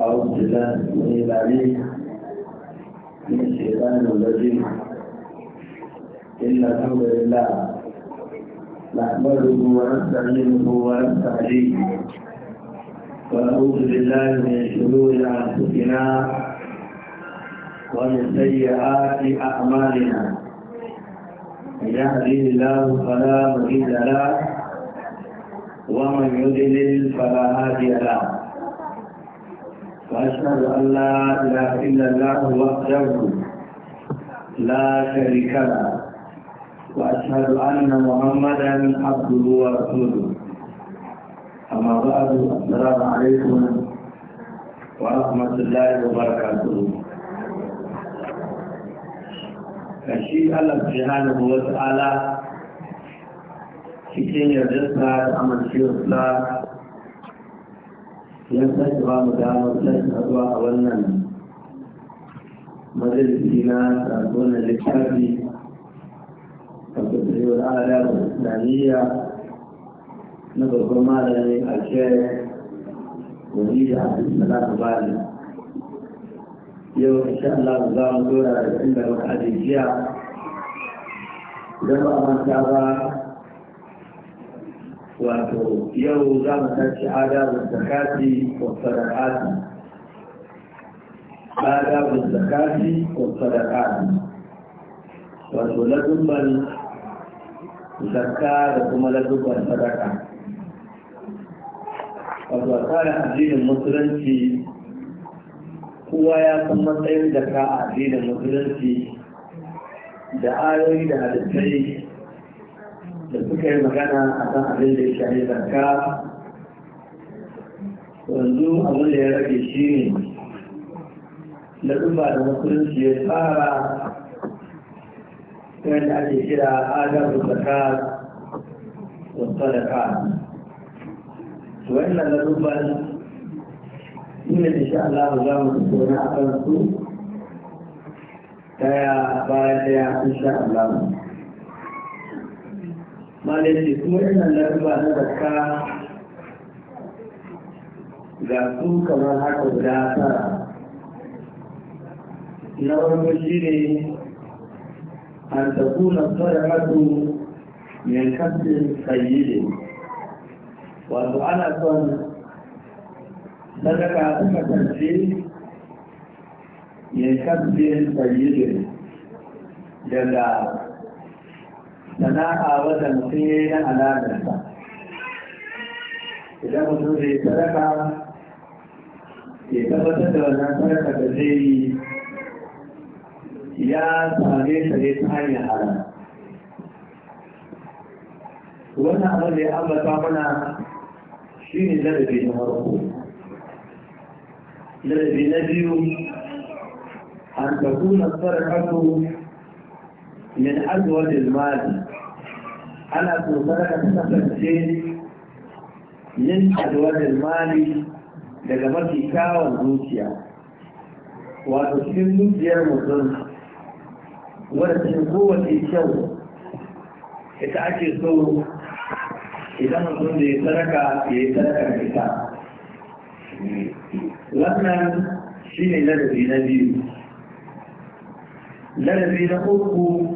أعوذ بالله من العليم من الشيطان الرجيم إن الحمد لله نحمده ونستعينه ونستهديه ونعوذ بالله من شرور أنفسنا ومن سيئات أعمالنا من يهديه الله فلا مضل له ومن يضلل فلا هادي له وأشهد أن لا إله إلا الله وحده لا شريك له وأشهد أن محمدا عبده ورسوله أما بعد السلام عليكم ورحمة الله وبركاته فشيء الله سبحانه وتعالى cikin yardarsa da amincewarsa yan sake ba mu damar sake haɗuwa a wannan majalisi na wannan littafi a kusurewar al'adar islamiyya na babban malami a shayar wani da abdulsalam bali yau insha Allah za mu dora da inda muka ajiye jiya idan ba a manta ba wato yau za mu tashi adabin zakati wa sadaqati adabin zakati wa sadaqati wato lazumban zakka da kuma lazumban sadaka wato a tsarin addinin musulunci kowa ya san matsayin zakka a addinin musulunci da ayoyi da halittai da suka yi magana a kan abin da ya shahi zakka yanzu abin da ya rage shi ne na ɗumba da musulunci ya tsara wanda ake kira adabu zakka da sadaka wannan na duba ina da sha Allah za mu tsoro a kan su ta daya bayan daya insha Allah malai kuma irin larba na zakka ga su kamar haka guda tara na wani shi ne an tafi takuna mai min kasbin ne wato ana son sadaka ta kasance min kasbin ne daga لنا أعوذ المسيح على ذلك إذا مدود سرقا إذا إذا مدود سرقا تجري يا سامي سريت حي على وانا أولي أبا طابنا شين الذي الذي نبيه أن تكون الصرفة من أزواج المال ana tsotsar da ta kasance yin alwadar mali daga mafi kyawun zuciya wato cikin zuciyar mutum wadda cikin kowace kyau ita ake so idan mutum da ya sadaka ya yi sadaka da ita wannan shi ne na biyu ladabi na uku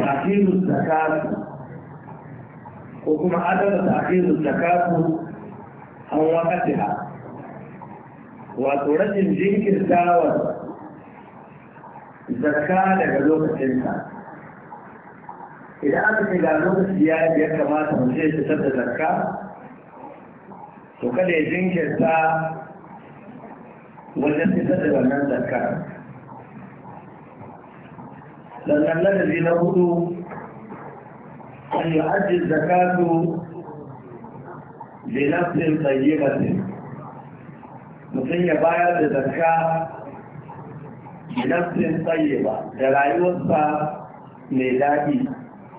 ta'khirus zakat ko kuma adaba ta'khirus zakat an waqtiha wato rashin jinkirtawa zakka daga lokacinta idan aka lokaci ya ya kamata mu je fitar da zakka to kada ya jinkirta wajen fitar da wannan zakkar sannan ladabi na hudu an yi ajiyar zakatu linafsin tsayyibatin mutum ya bayar da zakka linafsin tsayyiba da rayuwarsa mai daɗi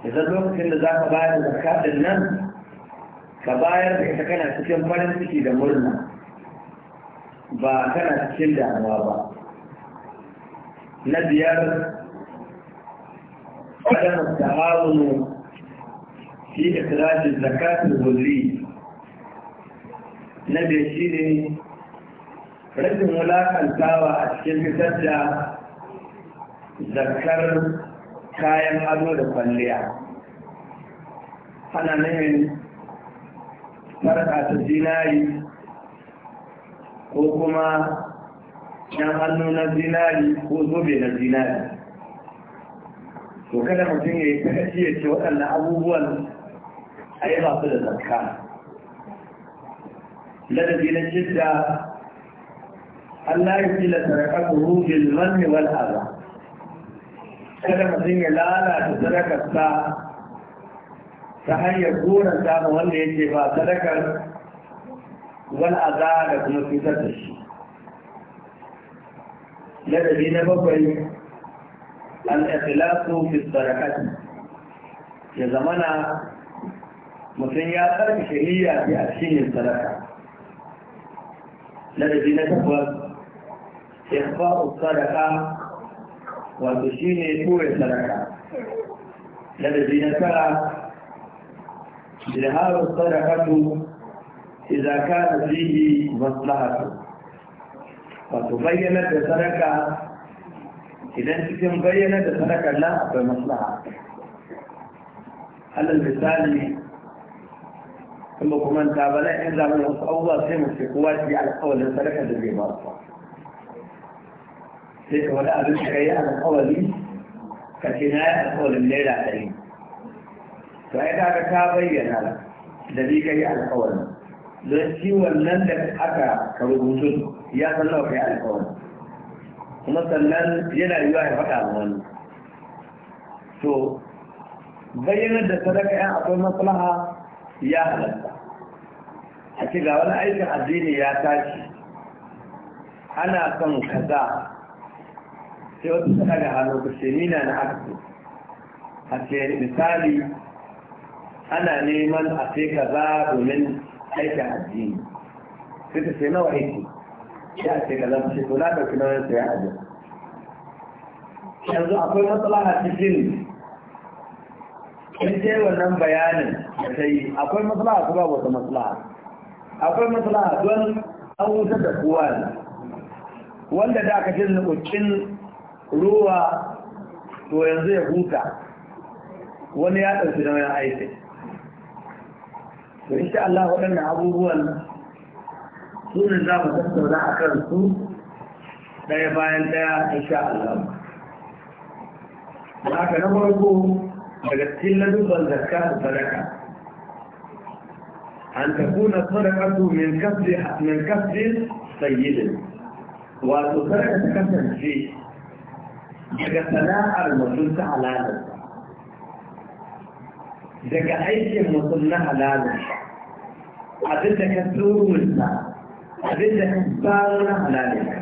idan lokacin da za ka bayar da zakka nan ka bayar da ita kana cikin farin ciki da murna ba kana cikin damuwa ba na biyar عدم التعاون في إخراج الزكاة الغلية na da shi ne rashin wulakantawa a cikin fitar da zakar kayan ado da kwalliya ana nufin farka zinari ko kuma yan hannu na zinari ko zobe na zinari to kada mutum ya yi sakaci ya ce waɗannan abubuwan a yi masu da zakka ladabi na jidda Allah ya fi lasaraka kuru bilman wal aza kada mutum ya lalata sadakarsa ta hanyar goron samun wanda yake ba sadakar wal aza da kuma cutar da shi ladabi na bakwai al'ikhlasu fi sadaqati ya zamana mutum ya karbi shari'a ya a cikin sadaka ladabi na takwas ikhfa'u sadaqa wato shine tura sadaka ladabi na tara izharu sadaqatu idza kana fihi maslahatu wato bayyana da sadaka إذا أنت مبينة بذلك لا بمصلحة هل المثال كله كمان تابلا إذا من أول شيء من قوات على أول ذلك الذي مرفع ولا أدري شيء على أول كتناء أول الليلة عليهم فإذا تابينا الذي كي على أول لو أنت ولن لك أكا كوجود يا الله في على kuma sannan yana yiwa ya faɗa ma wani to bayyanar da sadaka yan akwai maslaha ya halatta a ce ga wani aikin addini ya tashi ana son kaza sai wata sada da hannu ku ce nina na aka a ce misali ana neman a ce kaza domin aikin addini sai ta ce nawa aiki ya ce ka zama na ɗauki nauyin a jiya yanzu akwai matsalaha cikin in ce wannan bayanin da ta yi akwai matsalaha ko ba wata akwai matsalaha don an da kowa ne wanda da aka ce nukucin ruwa to yanzu ya huta wani ya ɗauki nauyin aiki to insha Allah waɗannan abubuwan sunan za mu tattauna a kan su ɗaya bayan ɗaya insha Allah. Da haka na farko daga cikin ladubban zakka da sadaka. An takuna sadakatu min kasbi min kasbi sayyidin. Wato sadaka ta kasance daga sana'ar mutum ta halalarsa. Daga aikin mutum na halalarsa. Abin da ka tsoronsa abinda da kan tsaro na halalika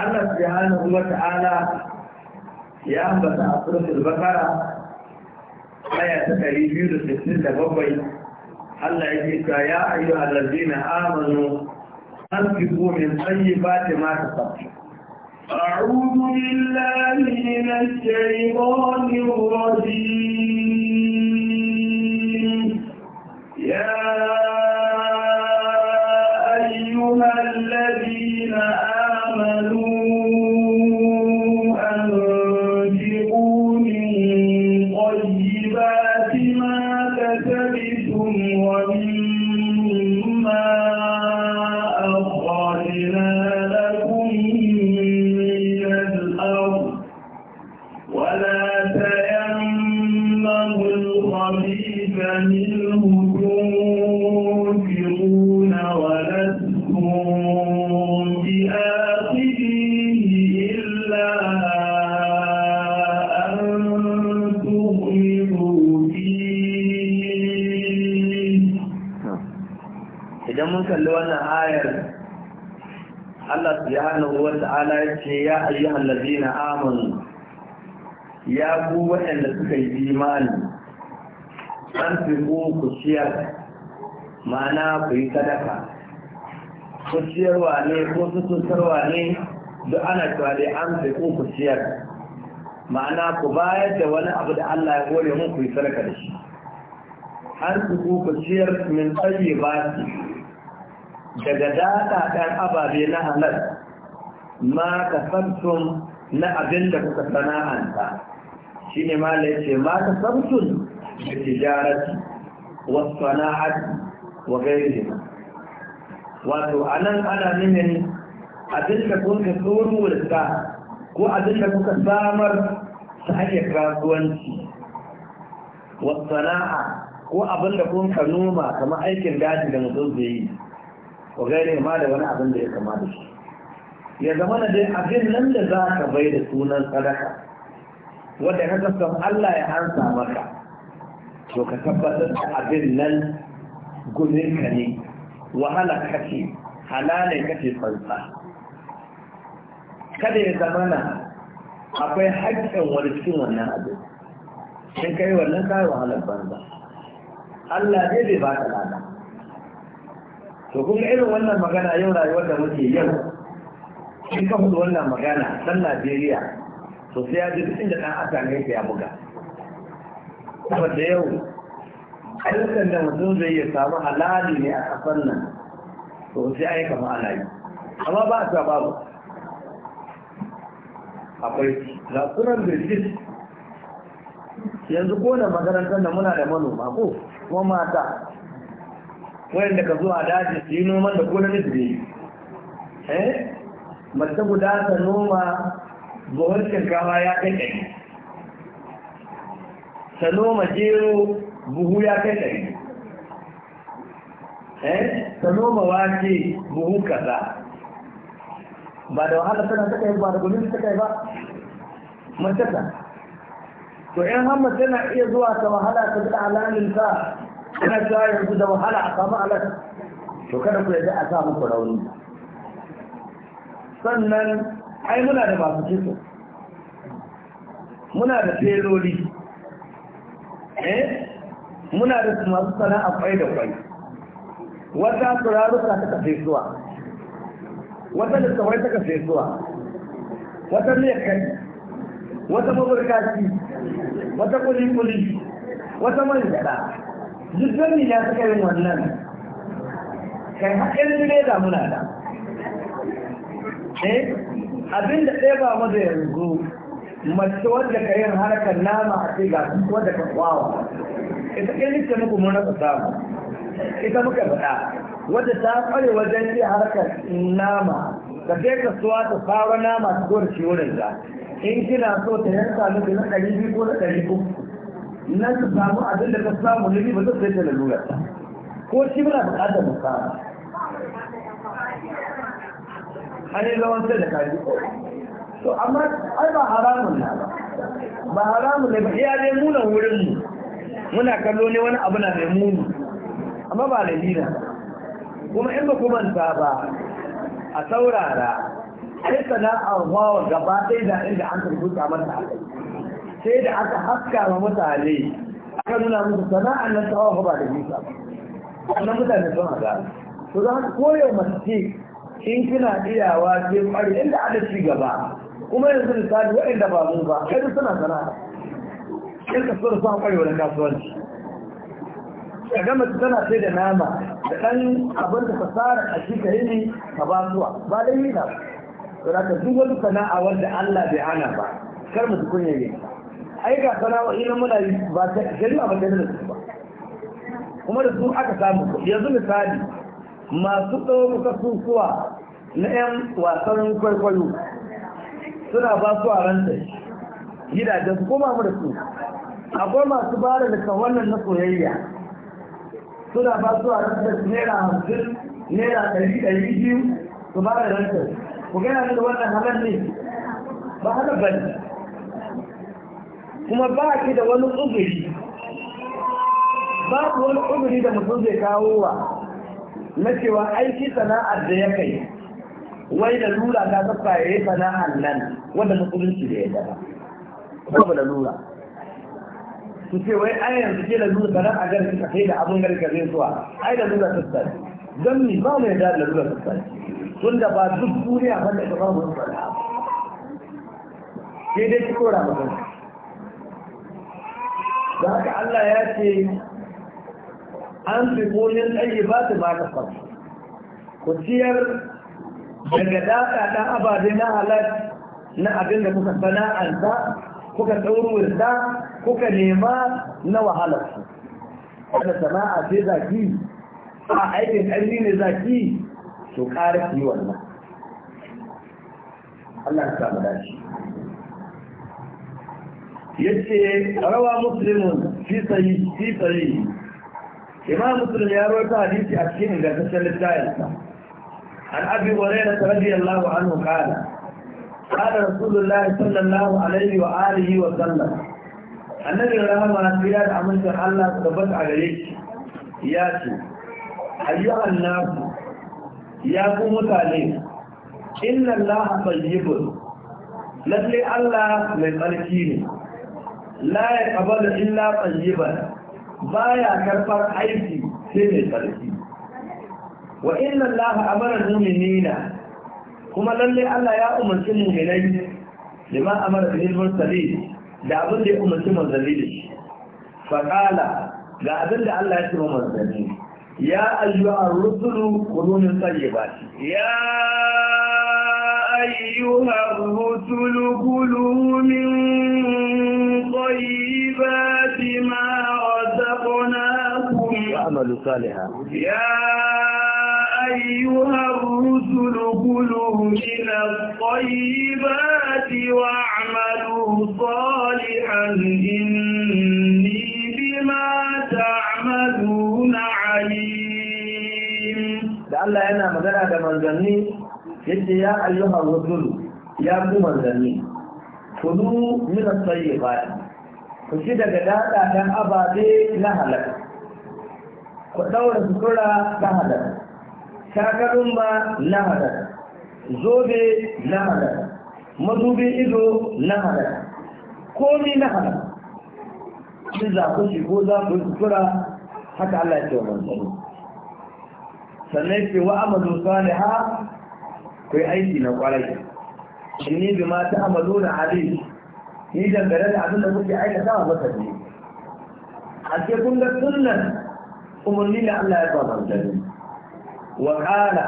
Allah subhanahu wa ta'ala ya ambata a suratul bakara aya ta 267 Allah yake ka ya ayu ladina amanu an أنفقوا من طيبات ما كسبتم أعوذ بالله من الشيطان الرجيم subhanahu wa ta'ala ce ya ayyuhal ladina amanu ya ku waɗanda suka yi imani an fi ku ciyar ma'ana ku yi sadaka ku ciyarwa ne ko su sututarwa ne duk ana cewa an fi ku ku ciyar ma'ana ku bayar da wani abu da Allah ya gode mun ku yi sadaka da shi an fi ku ku ciyar min tsaye ba daga data ɗan ababe na halal ma samsun na abin da kuka sana'anta shi ne mala ya ce ma samsun da tijarati wasu sana'ati wa gairi wato a nan ana nimin abin da kuka tsoruwarsa ko abin da kuka samar ta hanyar kasuwanci wasu sana'a ko abin da kuka noma kamar aikin daji da mutum zai yi wa gairi ma da wani abin da ya kama da shi ya zama na dai abin nan da za ka bai da sunan sadaka wanda ka san Allah ya hansa maka to ka tabbatar da abin nan gumin ka ne wahala kake halala kake fansa kada ya zama na akwai haƙƙin wani cikin wannan abin in kai wannan kayan wahalar banza Allah ne bai ba ka lada to kuma irin wannan magana yau rayuwar da muke yau in ka hudu wannan magana ɗan Najeriya to sai ya ji duk inda ɗan asa ne ya buga. da yau ayyukan da mutum zai iya samu halali ne a ƙasar nan to sai yi kama ana yi. Amma ba a sa babu. Akwai ga sunan Birgit yanzu ko da makarantar da muna da manoma ko kuma mata wayanda ka zo a daji su yi noman da ko na nufi eh mace guda ta noma buhar shinkawa ya kai ɗari ta noma jero buhu ya kai ɗari eh ta noma wake buhu kaza ba da wahala tana ta kai ba da gudun ta kai ba mace ta to 'yan hamma tana iya zuwa ta wahala ta bi alalin ta tana ta yanzu da wahala a samu alat to kada ku yaji a samu muku rauni sannan ai muna da masu kitso muna da teloli eh muna da masu sana'a kwai da kwai wata turaruka ta kafe zuwa wata littafai ta kafe zuwa wata miyakai wata mabarkaci wata kuli-kuli wata mai gada duk gani ya suka yin wannan kai haƙƙin ne da muna da eh abin da ɗaya ba maza yanzu mace wadda ka yin harkar nama a ce ga wadda ka kwawa ita ɗaya nita muku mun rasa samu ita muka faɗa wadda ta ƙware wajen ce harkar nama ka je ka suwa ta fara nama ta zuwa shi wurin da in kina so ta yanka miki na ɗari biyu ko na ɗari uku nan ta samu abin da ka samu ne ba zai sai ta lalura ko shi muna buƙatar mu samu har ga zaman sai da kaji to amma ai ba haramun na ba ba haramun ne ba iya dai munan wurin mu muna kallo ne wani abu na mai muni amma ba lalina kuma in ba ku ta ba a saurara sai sana'ar wawa gaba ɗaya da inda an turbuta mata a sai da aka haska ma mutane aka nuna musu sana'ar nan tawa ba da nisa ba wannan mutane sun haga za ko yau ce. in kina iyawa sai kware inda ana ci gaba kuma yanzu misali waɗanda ba mu ba kai suna sana'a in ka sura son kwarewa na kasuwanci ka gama tana sai da nama da ɗan abin da fasara a shi ka yini ka ba suwa ba da yi na ba da ka duk wani sana'a wanda Allah bai hana ba kar mu kunya yi ai ga sana'a ina muna yi ba ta shari'a ba ta da su ba kuma da su aka samu yanzu misali masu ɗaukaka kasusuwa na 'yan wasan kwaikwayo suna ba su a ranta gidajen su koma mu da su akwai masu ba da daga wannan na soyayya suna ba su a ranta naira hamsin naira ɗari ɗari biyu su ba da ranta ku gana da wannan halar ne ba haka ba ne kuma ba ki da wani tsugiri babu wani tsugiri da mutum zai kawo wa na cewa aiki sana'ar da ya kai wai da lura ta sassa ya yi sana'ar nan wanda shi da ya daba da lura su ce wai ai yanzu ke da lura nan a garin ka kai da abin garin zai zuwa ai da lura sassa don ni ba mu da lura sassa tun da ba duk duniya ba da ba mu sana'a sai dai ci kora mutum da haka Allah ya ce an fi komin ɗaya ba su ba ta ku ciyar daga ɗan ababe na halar na abin da kuka sana'anta kuka ɗauruwarsa kuka nema na su Kada sana'a ce zaki a aikin ƙarni ne zaki to ƙara yi wannan Allah ya samu dashi yace rawa muslimun fi sahihi fi imam muslim ya rawaito hadisi a cikin ingantaccen littafinsa an abi hurairah radiyallahu anhu qala qala rasulullah sallallahu alaihi wa alihi wa sallam annabi rahama ya da amincin Allah su tabbata a gare shi ya ce ayyuhan nasu ya ku mutane inna allaha tayyibun lalle Allah mai tsarki ne la ya qabala illa tayyiban baya karɓar aiki sai mai tsarki wa inna Allah amara mu'minina kuma lalle Allah ya umarci mu'minai ma amara bil mursalin da abin da ya umarci manzanni da shi faƙala ga abin da Allah ya ce manzanni ya ayyuha ar-rusulu qulun tayyibat ya ayyuha ar-rusulu qulu min tayyibati ma واعملوا صالحا يا أيها الرسل كلوا من الطيبات واعملوا صالحا إني بما تعملون عليم لعل أنا مدنة كمن قلت يجي يا أيها الرسل يا من جنين كلوا من الطيبات ku ci daga daɗaɗen ababe na halaka ku ɗaura sutura ta halar shakarun ba na halar zobe na halar mazubi ido na halar komi na halar shi za ku shi ko za ku yi sutura haka Allah ya ce wa manzanni sannan ce wa amalu saliha ku yi aiki na kwarai inni bi ma ta amalu na ali ni dangane da abin da kuke aikata a masa ne a ce kun ga sunan umarni ne Allah ya ba manzanni wa qala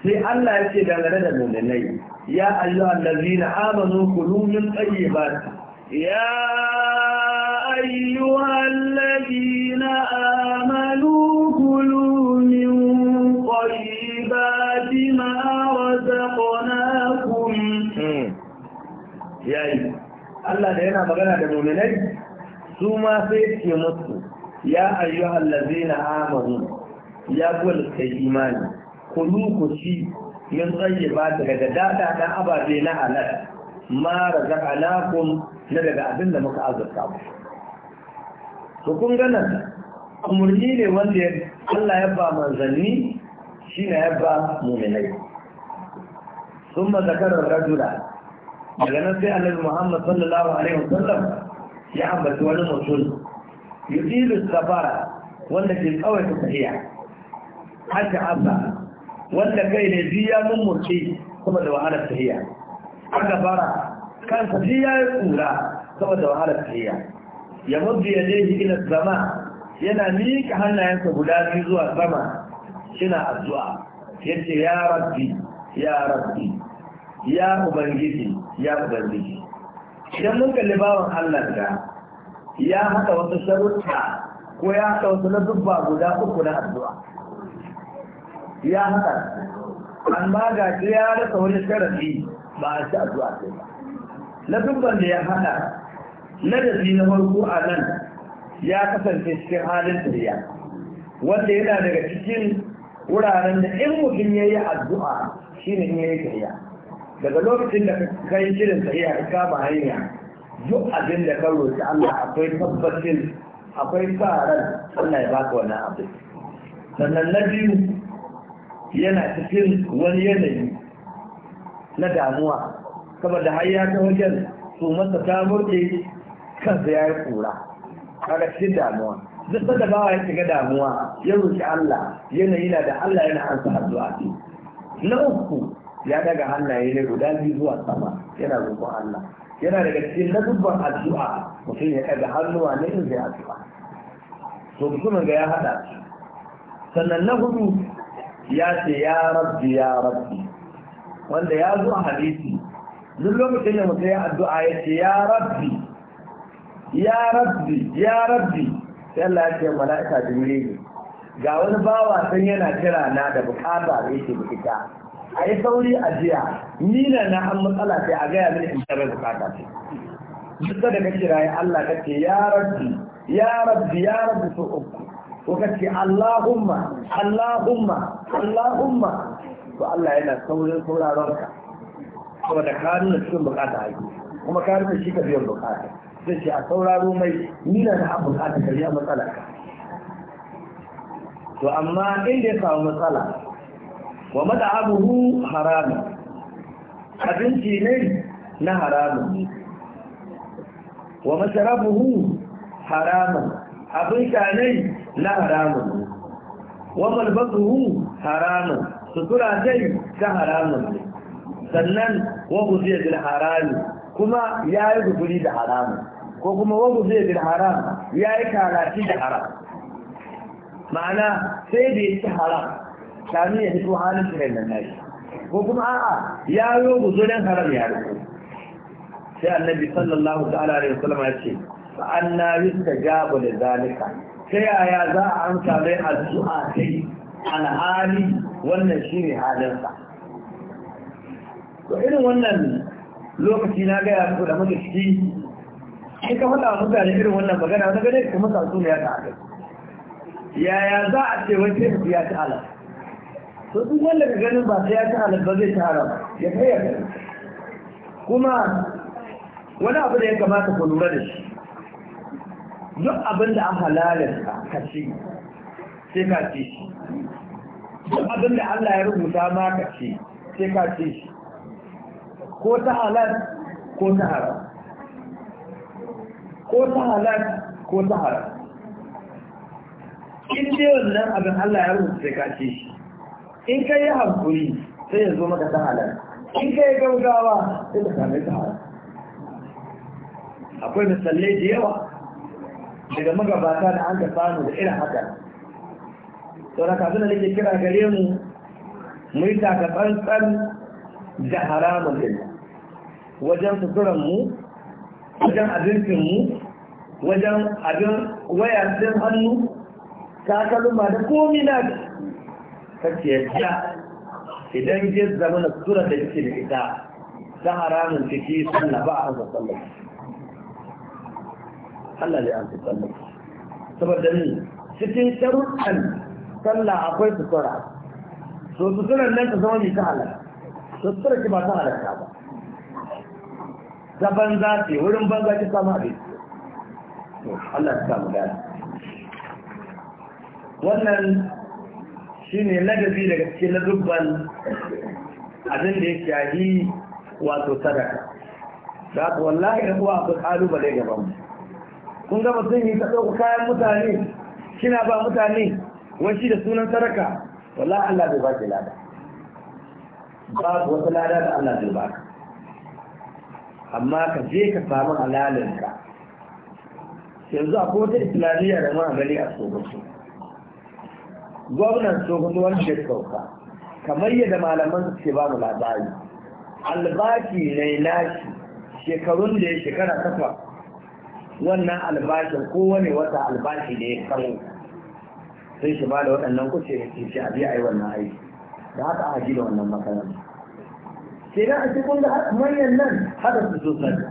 fi Allah yake dangane da mu'minai ya ayyuhal allazina amanu kulu min tayyibat ya ayyuhal allazina amanu kulu min tayyibati ma razaqnakum yayi Allah da yana magana da ne su ma sai ce musu ya ayyuhal ladzina amanu ya gwal kai imani kulu ku ci min tsayyiba daga dada na ababe na halal ma razaqnakum na daga abin da muka azurta ku to kun ga nan ne wanda Allah ya ba manzanni shine ya ba mu'minai thumma zakara rajula daga nan sai annabi Muhammad sallallahu alaihi wasallam ya ambaci wani mutum yudilu safara wanda ke kawai ta tafiya haka abba wanda kai ne biya mun murci kuma da wahalar tafiya haka bara kansa biya ya kura kuma da wahalar tafiya ya mabbi ya jehi ila zama yana miƙa hannayensa guda biyu zuwa sama shina addu'a ya ce ya rabbi ya rabbi ya ubangiji ya ubangiji idan mun kalli bawan Allah da ya haɗa wasu sharuɗa ko ya haɗa wasu na dubba guda uku na addu'a ya haɗa amma ga ya rasa wani sharafi ba a ci addu'a sai ba na dubban da ya haɗa na da na farko a nan ya kasance cikin halin tariya wanda yana daga cikin wuraren da in mutum ya yi addu'a shi ne in ya yi tariya daga lokacin da ka yi shirin tariya ka kama hanya duk abin da ka roƙi Allah akwai tabbacin akwai tsaron Allah ya baka wannan abu. sannan na biyu yana cikin wani yanayi na damuwa saboda har ya ta wajen su masa ta murɗe kansa ya yi kura kaga cikin damuwa duk da ba ya shiga damuwa ya roƙi Allah yanayi na da Allah yana ansa addu'a na uku ya daga hannaye ne guda biyu zuwa sama yana roƙon Allah yana daga cikin dubban addu'a mutum ya ɗaga hannuwa ne in zai addu'a to mutumin ga ya haɗa sannan na hudu ya ce ya rabbi ya rabbi wanda ya zo a hadisi duk lokacin da mutum ya addu'a ya ce ya rabbi ya rabbi ya rabbi sai Allah ya ce mala'ika ne ga wani bawa san yana kira na da bukata da yake bukata a yi sauri a jiya ni na na an matsala sai a gaya mini in tare bukata ce duka da ka kira Allah ka ce ya rabbi ya rabbi ya rabbi so uku ko ka ce Allahumma Allahumma Allahumma to Allah yana saurin sauraron ka saboda ka nuna cikin bukata ake kuma ka nuna shi ka biyan bukata zai ce a sauraro mai ni na na an bukata ka biya matsala ka to amma inda ya samu matsala wa mat'amuhu haram abinci ne na haramun wa masharabuhu haramun abin sha ne na haramun wa malbasuhu haramun sutura dai ta haramun sannan wa guziya bil harami kuma ya yi guguri da haramun ko kuma wa guziya bil haram ya yi da haram ma'ana sai da ya ci haram kamin ya fito halin su nan nashi ko kuma a'a ya yo don haram ya rufu sai annabi sallallahu ta'ala alaihi wasallam ya ce fa anna yustajabu da zalika sai yaya za a amsa mai addu'a sai alhali wannan shine halinsa to irin wannan lokaci na gaya su da muka ciki sai ka faɗa da irin wannan magana wani gane ka masa suna ya ta yaya za a ce wani sai ya ta'ala to duk wanda ka ganin ba sai ya ta halabba zai ta haram ya kai ya kuma wani abu da ya kamata ku lura da shi duk abin da an halalarsa ka ci sai ka ci shi duk abin da Allah ya rubuta ma ka ci sai ka ci shi ko ta halal ko ta haram ko ta halal ko ta haram in dai wannan abin Allah ya rubuta sai ka ci shi in ka yi hankuri sai ya zo maka ta halar in ka gaugawa sai ka same ta halar akwai misalai da yawa daga magabata da an ka samu da irin haka saboda kafin da nake kira gare mu mu yi takatsantsan da haramun din wajen suturanmu wajen mu, wajen abin wayar hannu takalma da komi na kace yadda idan ya zama na sura da yake da ita ta haramun ciki sallah ba a kan sallah Allah ne an fi sallah saboda ni cikin sharuɗan sallah akwai sutura so suturan nan ta zama mai ta so sutura ki ba ta halaka ba ta banza ce wurin banza ki samu abin Allah ya samu gani wannan shi ne ladabi daga cikin ladubban abin da ya shahi wato sadaka da haka wallahi da kuwa akwai kalubale gaban kun gaba sun yi ta ɗauka kayan mutane kina ba mutane wani da sunan sadaka wallahi Allah bai baki lada ba ku wata lada da Allah bai baka amma ka je ka samu halalinka yanzu akwai wata islamiyya da a gani a su gwamnan tsohon wanda ya sauka kamar yadda malaman su ba mu labari albashi ne nashi shekarun da ya shekara kafa wannan albashin kowane wata albashi ne ya kawo sai shi ba da waɗannan kuce ya ce shi a biya yi wannan aiki da haka a da wannan makaranta sai na a cikin da manyan nan haka su zo sanda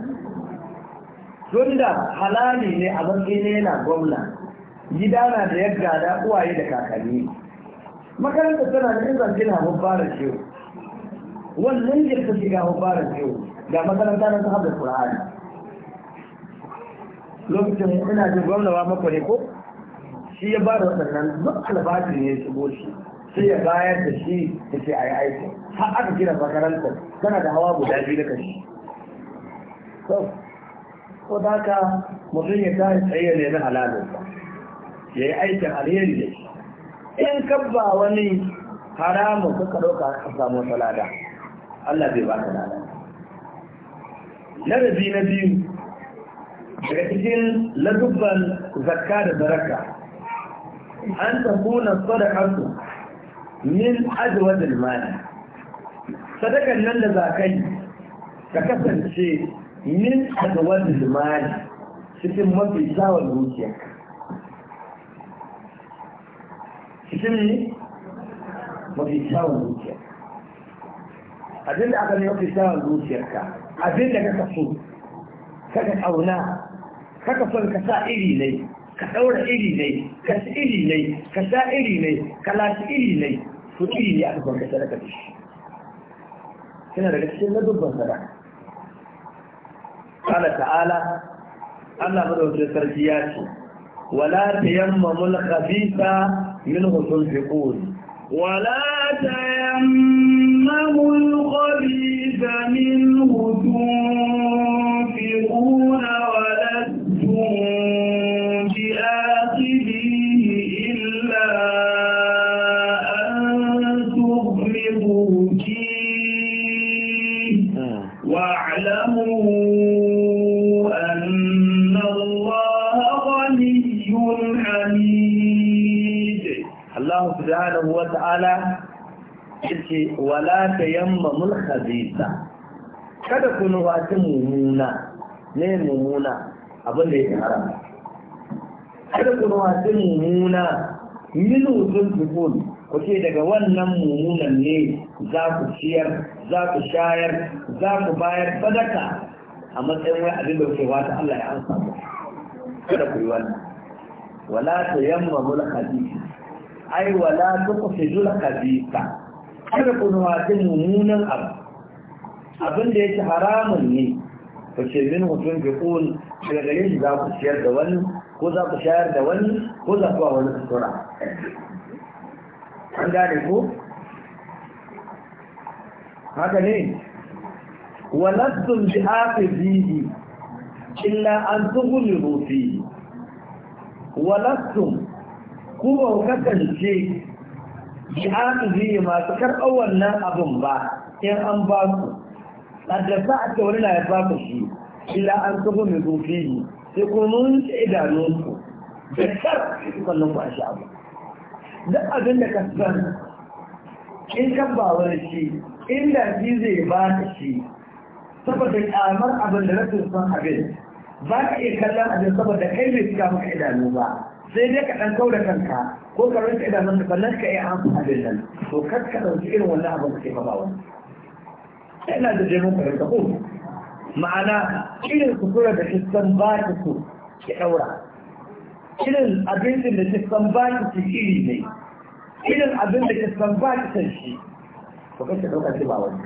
tunda halali ne a matsayin yana gwamna gida na da yadda da uwaye da kakanni makaranta tana da inzan jina fara ciwo wannan da ta shiga fara ciwo ga makaranta na ta haɗa ƙur'ani lokacin ina jin gwamnawa maka ne ko shi ya ba da waɗannan duk albashi ne ya shigo shi sai ya bayar da shi da ke a yi aiki har aka gina makarantar tana da hawa guda biyu da kashi ko da haka mutum ya tashi tsaye ne na halalin ya yi aikin alheri da shi in kabba wani haramun suka ɗauka a samu wata lada Allah zai ba ta lada ladabi na biyu daga cikin ladubban zakka da baraka an tafuna sadaqatu min ajwadil mali sadakan nan da zakai ka kasance min ajwadil mali cikin mafi kyawun dukiyarka cikin mafi kyawun zuciya abinda aka ne mafi kyawun zuciyarka abinda ka kaka ka kaka kauna ka son ka sa iri ne ka ɗaura iri ne ka ci iri ne ka sa iri ne ka lati iri ne su iri ne aka son sadaka da shi yana daga cikin ladubban sadaka ta'ala Allah madaukakin sarki ya ce ولا تيمموا الخبيث منه تنفقون ولا تيمموا الخبيث منه تنفقون wa ta'ala yace wala tayammamul khabitha kada ku nuwaci mummuna ne mummuna abin da yake haram kada ku nuwaci mummuna minu sun tukun ku ce daga wannan mummunan ne za ku ciyar za ku shayar za ku bayar sadaka a matsayin wai abin da kuke wata Allah ya amsa kada ku yi wannan wala tayammamul khabitha ai wala tuqfidul khabitha kada ku nuwaci mummunan abu abin da yake haramun ne ku ce min hutun bi kun daga gare shi za ku shayar da wani ko za ku shayar da wani ko za ku wani sutura an gane ko haka ne walattun bi hafizihi illa an tughlibu fihi walattun ku ba kasance bi aqizi masu karɓar wannan abin ba in an ba ku adda a ta wani na ya ba ku shi illa an kafa mai ne sai ku mun ce idanunku da kar sannan ku a sha abu duk abin da ka san in kan ba wani shi inda shi zai ba ka shi saboda kamar abin da rashin son abin ba ka iya kallon abin saboda kai bai cika maka idanu ba sai dai ka ɗan kau da kanka ko ka rinka idanun ka nan ka iya amsa abin nan to kar ka ɗauki irin wannan abin ka ke ba wani ina da jimin ka rinka ko ma'ana irin kusurar da shi san ba ta so ki ɗaura irin abincin da shi san ba ta ci iri ne irin abin da shi san ba ta san shi to kai ka ɗauka ki ba wani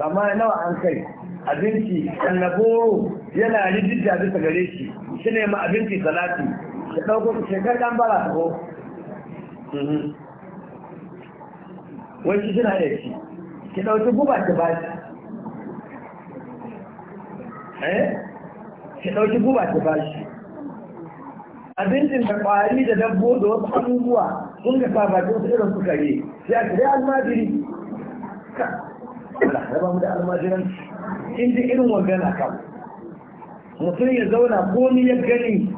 amma nawa an kai abinci annaboro yana rijista bisa gare shi shi ne ma abinci salati ya ɗauko ku shekar ɗan bara ta ko wani suna da shi ki ɗauki guba ki ba shi eh ki ɗauki guba ki ba shi abincin da ƙwari da dabbo da wasu abubuwa sun ga bakin su irin suka yi sai ake kira almajiri ka Allah raba mu da almajiran in ji irin wagana kan mutum ya zauna komi ya gani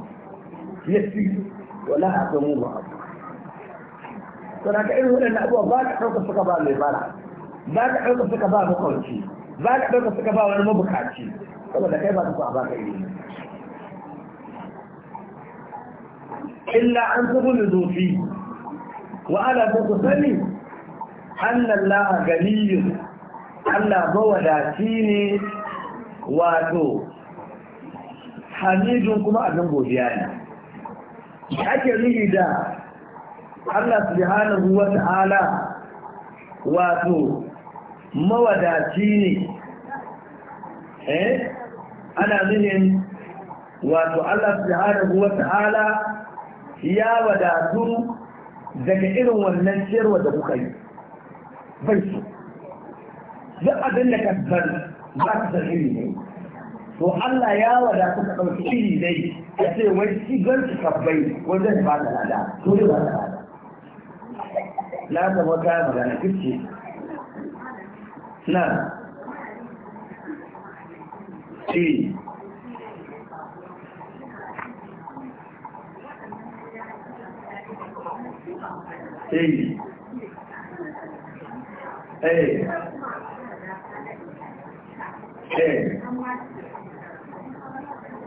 ya wala a ga mugun abu sana ka irin waɗannan abuwa ba ka ɗauka suka ba mai bara ba ka ɗauka suka ba makwanci ba ka ɗauka suka ba wani mabukaci saboda kai ba su ba ka iri illa an tubu da zofi wa ala ta ku sani annallah ganiyun Allah mawadaci ne wato hamidun kuma abin godiya ne ake nuni da Allah subhanahu wa ta'ala wato mawadaci ne eh ana nufin wato Allah subhanahu wa ta'ala ya wadatu daga irin wannan ciyarwa da kuka yi bai su duk abin da ka san ba ka san ne to Allah ya wadatu ka ɗauki iri dai ka ce wai shigar su kabbai wajen ba ta lada ko ne ba ta lada na zama kaya magana kirce na ce Ei. Ei. Ei.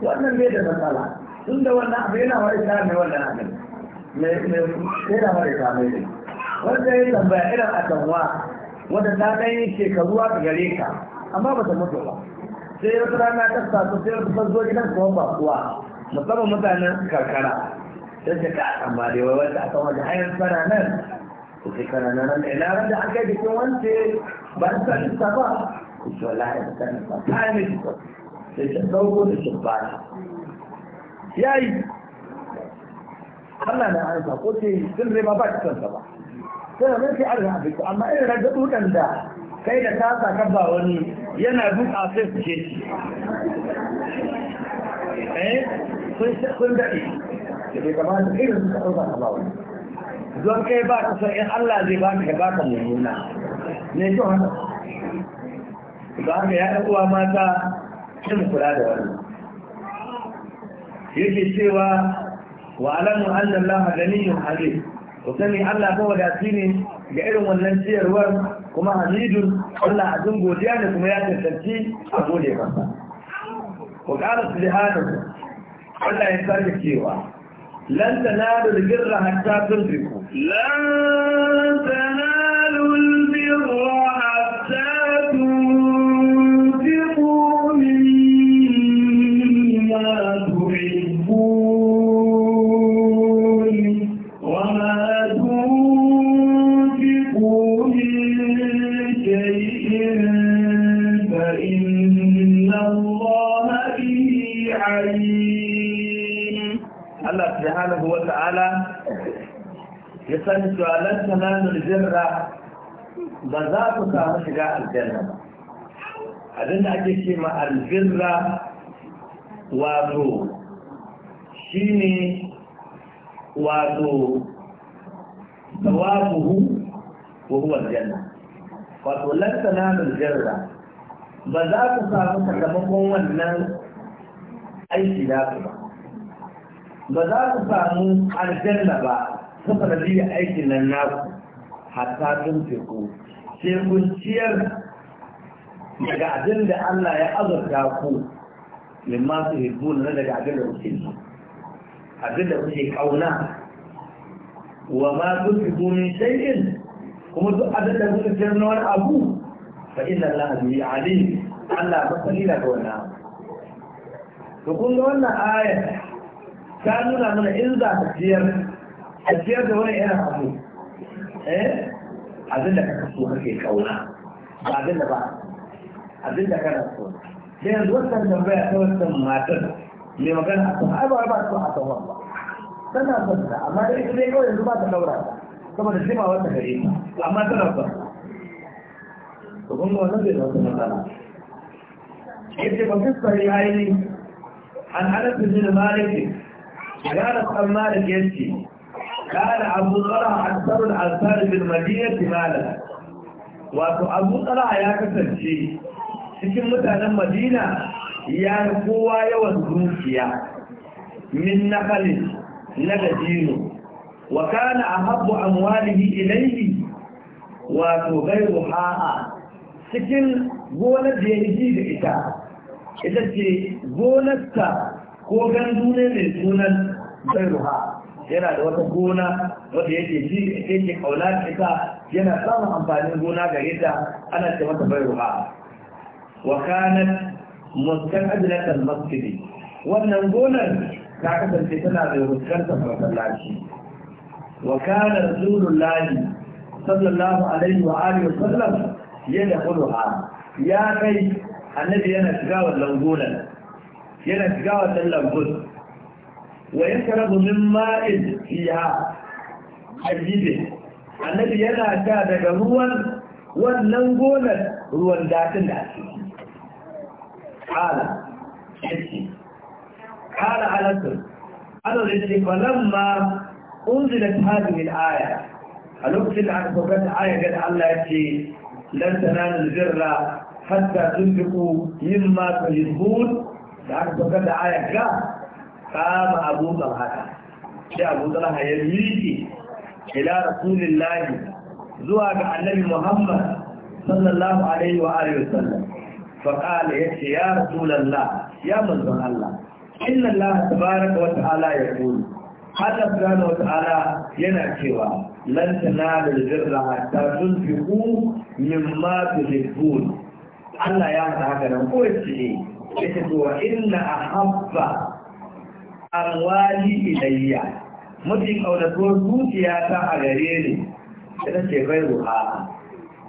Wannan bai da matsala. tun da wannan abu yana wani ta mai wannan abin yana wani ta mai ne wanda ya tambaya irin a kanwa wanda ta ɗan shekaru a gare ka amma ba ta mutu ba sai ya wata na ta sa sai ya ta zo gidan kuma ba kuwa musamman mutanen karkara sai ta ka amma dai wai wanda aka wani hanyar tsara nan ku sai kana nan da ina ran da aka yi bikin wance ba ta lissa ba ku ce wallahi ba ta lissa ta yi mai sai ta ɗauko da shi ba ya yi Allah na aika ko ce sun zai ma ba ki kansa ba sai da sai an a ku amma irin raga dukan da kai da tasa ka ba wani yana duka sai su ce shi eh kun daɗe da bai kamata irin suka ɗauka ka ba wani don kai ba ka san in Allah zai ba ka ba ka mummuna ne kyau haka ba haka ya ɗan uwa mata cin kula da wannan yake cewa wa alamu anna Allah ganiyyun hamid to sani Allah ba wadaci ne ga irin wannan ciyarwar kuma hamidun Allah azin godiya ne kuma ya tantance a gode masa wa qala subhanahu Allah ya sake cewa lan tanalu birra hatta lan tanalu birra ta'ala ya sani cewa lan tananul birra ba za ku samu shiga aljanna ba abin da ake ce ma albirra wato shi ne wato thawabuhu wa aljanna wato lan tananul birra ba za ku samu sakamakon wannan aiki da ba ba za ku samu aljanna ba ta biya aikin nan naku hatta tun teku sai kun ciyar daga abin da Allah ya azurta ku min masu hibbu na daga abin da kuke so abin da kuke kauna wa ma tusibu min shay'in kuma duk abin da kuke ciyar na wani abu fa inna Allah bi alim Allah masani da wannan to kun ga wannan ayat ta nuna mana in za ka siyar a siyar da wani yana abu eh abin da ka kaso kake kauna ba abin da ba abin da kana so sai yanzu wannan tambaya ta wannan matar mai magana a kan ai ba ba su a kan wannan tana son ta amma dai ita dai kawai yanzu ba ta daura ta saboda jima wata gare ta amma tana son ta to kun ga wannan bai da wata matsala yace ba fi sahihaini an halatta jin malikin قال خمالك da قال أبو طلع أكثر الأنصار بالمدينة مالا wato abu tsara ya kasance cikin mutanen madina ya kowa yawan dukiya min nakalin na gajino wa kana a habbu amwalihi ilaihi wato gairu ha'a cikin gonar da ya ji da ita ita ce gonarta ko gandu ne mai sunan gairuha yana da wata gona wanda yake ji yake kaula ita yana samun amfanin gona ga yadda ana ce mata bairuha wa kanat mustaqbilat al-masjid wannan gonar ta kasance tana da fuskantar masallaci wa kana rasulullahi sallallahu alaihi wa alihi wa sallam yadkhuluha ya kai annabi yana shiga wannan gonar yana shiga wannan lambun ويشرب من ماء فيها حجيبه annabi yana sha daga ruwan wannan gonar ruwan datin da ake ƙala yake ƙala alaƙar ana da ce falon ma ƙunzilar hajjimin aya a lokacin da aka saukar da aya gada Allah ya ce lantanan zirra hatta sun duku yin masu yin da aka saukar da aya ga kama abu talha sai abu talha ya miƙe ila rasulillahi zuwa ga annabi muhammad sallallahu alaihi wa alihi wasallam fa qala ce ya rasulullah ya manzon allah inna allah tabaraka wa ta'ala yaqulu Allah subhanahu wa ta'ala yana cewa lan tanalul birra hatta tunfiqu mimma tuhibbun Allah ya faɗa haka nan ko yace yace to a ahabba arwali ilayya mafi ƙaunatuwar zuciya ta a gare ni ita ke bai ruha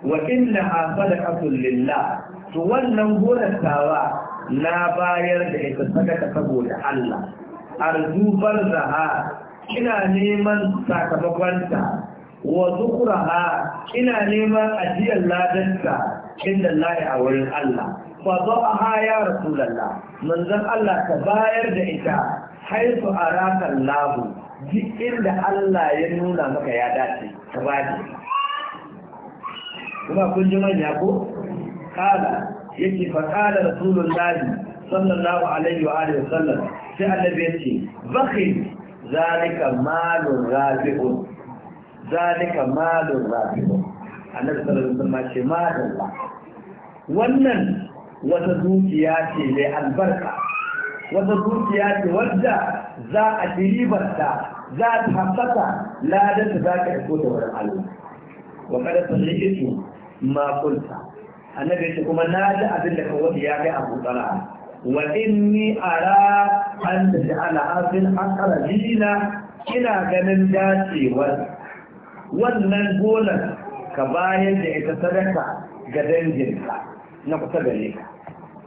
wa inna ha sadaqatul lillah to wannan gorantawa na bayar da ita sadaka saboda Allah arzu zaha ina neman sakamakonta wa zukuraha ina neman ajiyar ladanta inda Allah a wurin Allah fa zo a ya rasulallah manzon Allah ka bayar da ita haisu arakan lahu ji inda Allah ya nuna maka ya dace ka bani kuma kun ji manya ko kala yake fa kala rasulullahi sallallahu alaihi wa alihi sallam sai annabi ya ce bakhil zalika malun rabi'un zalika malun rabi'un annabi sallallahu alaihi wasallam ce madalla wannan wata dukiya ce mai albarka wata dukiya ce wadda za a ribarta za ta haɓaka ladan za ka fito da wurin Allah wa kada sallitu ma kulta annabi ce kuma na ji abin da kawai ya kai abu tsara wa inni ara an da ji al'afin ina ganin dacewar wannan gonar ka bayan da ita sadaka ga danginka na kusa gare ka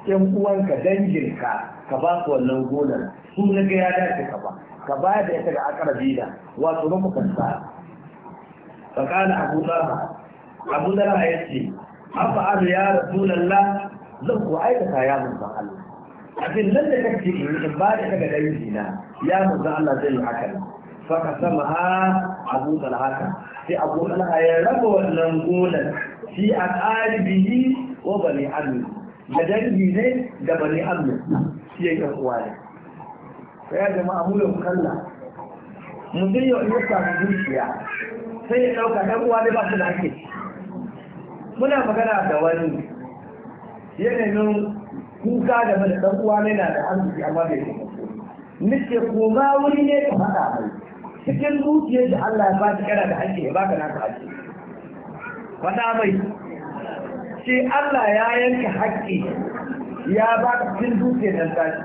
yan uwanka danginka ka ba su wannan gonar su na ga ya dace ka ba ka ba da ita ga akarabi da wato na mukanta fa kana abu dharra abu dharra yace afa'al ya rasulullah zan ku aikata ya manzon Allah abin nan da kake yi in ba da daga dangina ya manzon Allah zai yi haka fa ka sama ha abu dharra haka sai abu dharra ya raba wannan gonar shi a qalibihi wa bani amri da dangi ne da bani amma shi yake yan ne ka ya jama'a mu yau kalla mutum yau ya mu zuciya sai ya ɗauka ɗan uwa ne ba su da ake muna magana da wani yanayin kuka da mana ɗan uwa ne na da arziki amma bai kuma nake koma wuri ne ka faɗa mai cikin zuciyar da Allah ya shi kana da ake ya baka ka ake faɗa mai ce Allah ya yanka haƙƙi ya ba ka cikin dutse nan tashi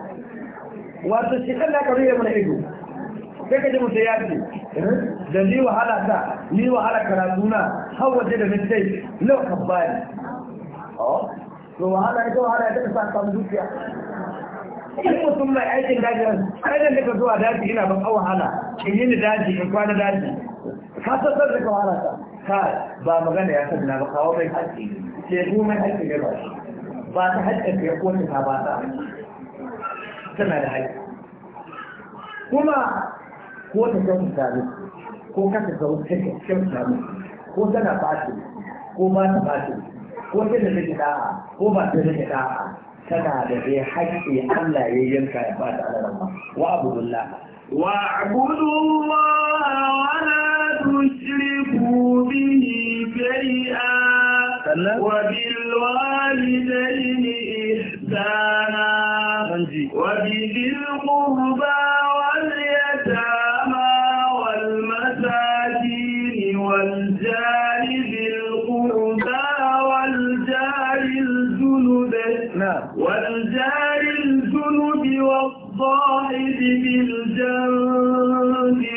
wato shi kan da ka rufe mana ido sai ka ji mutum ya ce eh, da ni wahala ta ni wahala karatu na har waje da na ce lau ka bani oh, to wahala ita wahala ita ka sa samu dukiya in mutum mai aikin dajiyar ƙarar da ka zuwa daji ina ban wahala in yi ni daji in kwana daji ka tattar da ka wahala ta ka ba magana ya sabi ba kawo mai haƙƙi lemu mai haƙƙi ya ba shi ba ta haƙƙa ya ta ba ta tana da haƙƙi kuma ko ta ko ka ta kyautu kyautu tare ko tana ko ba ta ko ta da da'a ko ba ta da'a tana da Allah ya yanka ya ba ta wa abudullah وبالوالدين إحسانا وبذي القربى واليتامى والمساكين والجار ذي القربى والجار الجنب نعم. والجار الجنب والصاحب بالجنب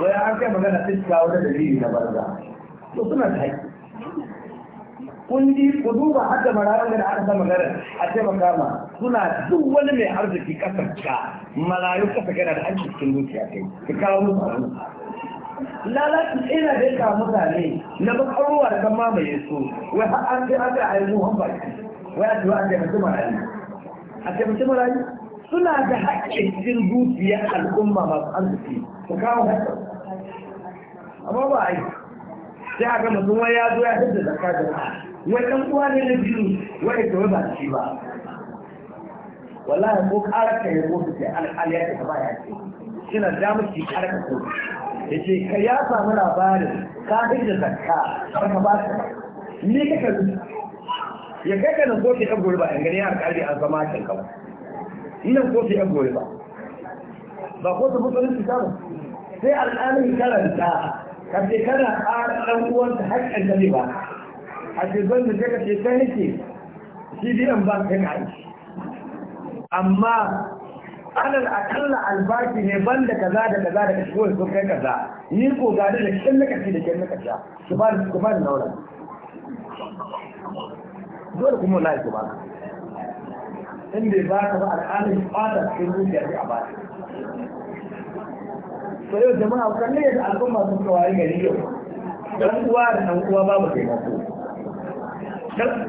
wai an kai magana fiska wata dalili na banza to suna da haƙƙi kun ku duba hadda marayun da aka sama garin a taimaka ma suna duk wani mai arziki kasar ka marayu kasa kana da hankali cikin dukiya kai ka kawo musu abu lalacin ina da ya mutane na makaruwa da kan mamaye su wai har an ce an ga a yi muhan baki wai a ce wa a taimaki marayu a taimaki marayu suna da haƙƙin jin dukiyar al'umma masu arziki su kawo haƙƙin amma ba a yi sai a gama sun ya zo ya hidda zakka da wai ɗan uwa ne na biyu wai ka ba shi ba wallahi ko ƙara ya yi su sai al'aliyar ta ba ya ce suna damar ki ƙara ka ya ce ka ya samu labarin ka hidda zakka ba ka ba ta ni ka ka ya kai ka na ke ɗan gurba in gani ya alƙali an zama kan kawai nan ko sai an goyi ba ba ko ta musulunci ta ba sai al'amin karanta ka ce kana ƙara ɗan uwanka haƙƙan ta ne ba a ce zan da ka ce ta yake shi biyan ba ka kai amma alal akalla albashi ne banda kaza da kaza da kashi kawai sun kai kaza ni ko gani da kyan nakashi da kyan nakashi su ba da su ba da naura dole kuma na yi su ba in bai ba ka ba al'amin fata cikin zuciya sai a ba So yau jama'a kan ne da al'umma sun kawai gari yau dan uwa da dan uwa babu taimako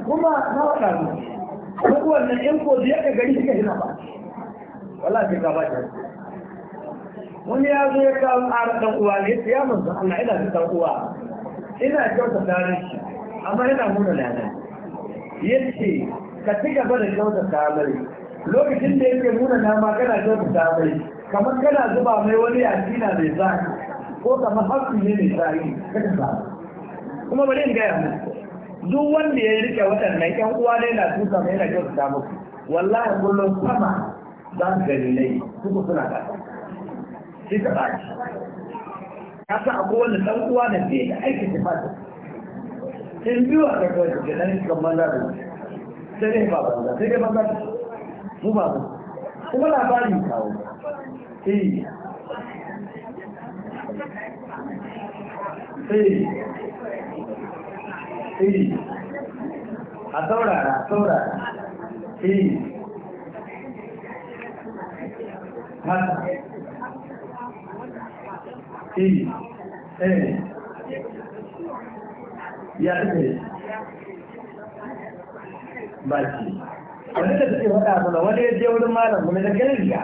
kuma na faɗa mu duk wannan yan ko da yake gari suka hina ba wallahi sai ka ba ta wani ya zo ya kawo ƙara dan uwa ne ya manzo Allah ina da dan uwa ina kyautata shi amma yana muna lana yace ka ci gaba da kyauta samari lokacin da yake nuna nama kana kyauta samari kamar kana zuba mai wani yakina mai zaki ko kamar haƙƙi ne mai zaki kada ba kuma bari in gaya muku duk wanda ya rike waɗannan ƴan uwa ne na tuka mai yana kyautata muku wallahi kullum sama za su gani ne suku suna da. shi ka ɓaci ka san akwai wanda ɗan uwa da ke da aiki ta fata in biyu a ƙarƙashin da nan da zaɓi sai dai ba banza sai dai banza mu ba mu kuma labari kawo eh eh eh a saurara saurara eh eh eh ya take baki wani da suke faɗa mana wani ya je wurin malam kuma da gariya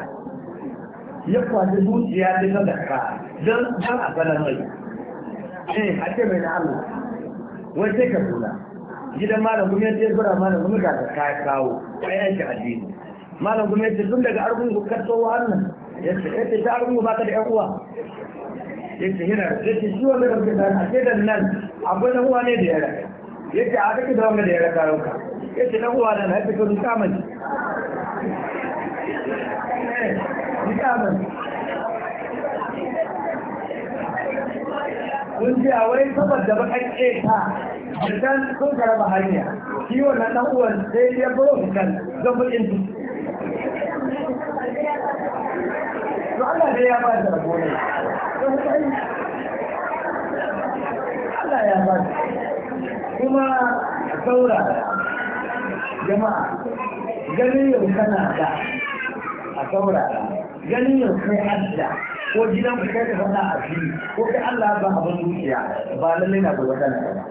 ya kwace zuciya ta na daga don don a sanar mai eh a ce mai na Allah wai sai ka tuna gidan malam kuma ya je gura malam kuma ga da kaya kawo ai an shi addini malam kuma ya ce tun daga argungu ka wa hannun ya ce ya eh, ce ta argungu ba ka da ƴan uwa ya ce yana ya ce shi wanda ka fi da a ce da nan akwai na uwa ne da ya raka ya ce a kake da wanda da ya raka rauka ya ce ɗan uwa na na fito ni kama ni ni kama ni kun ji a wai saboda bakan ƙeta da can sun karaba hanya shi wannan ɗan uwan sai ya buro kan zan bakin duk to Allah dai ya ba da rabo ne Allah ya ba kuma saura jama'a ganin yau kana da a saurara ganin yau kai adda ko gidan ku kai ka fada a ko kai Allah ba abin dukiya ba lallai na gobe kana ba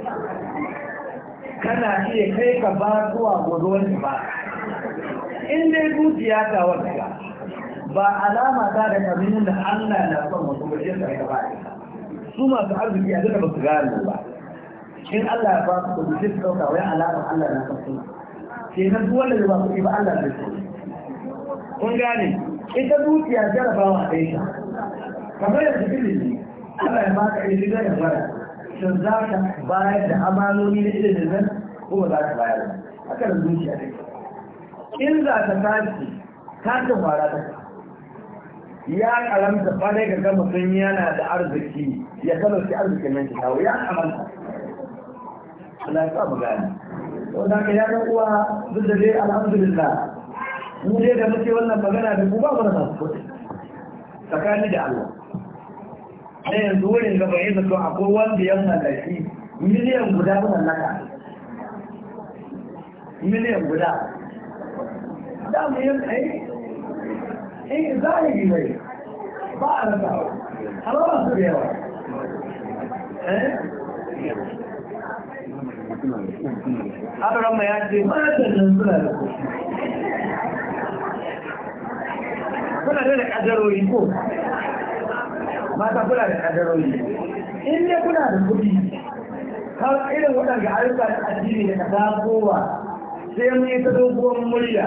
kana iya kai ka ba zuwa gobe wani ba in dai dukiya ta wanda ba alama ta da kamin da Allah na son wasu ba shi ka ba su masu arziki a duka ba su gane ba in Allah ya ba su kudu sai su ɗauka wai alama Allah na son suna kenan duk wanda ba kuɗi ba Allah zai so kun gane ita dukiya jarabawa ɗaya ta kamar yanzu ilimi Allah ya baka ilimi da ya bada shin za ka bayar da amanoni na ilimin zan, ko ba za ka bayar ba haka da dukiya ɗaya in za ta tashi tashin fara ta ya karamta kwarai ga gama sun yana da arziki ya talauci arzikin nan ta kawo ya kamanta Allah ya sa mu gane wanda ka ya ɗan uwa duk da dai alhamdulillah mu dai da muke wannan magana da ku ba mu da masu kuɗi tsakani da Allah na yanzu wurin gaba ya zato akwai wanda ya mallaki miliyan guda naka miliyan guda da mu yin ai eh zahiri ne ba a rasa har ba su da yawa eh Abraham ya ce matanin suna da ko. Kuna da kadarori ko? Mata kuna da kadarori. In ne kuna da kuɗi, har irin waɗanda ayyuka da addini da kasa kowa sai mun yi ta doguwar murya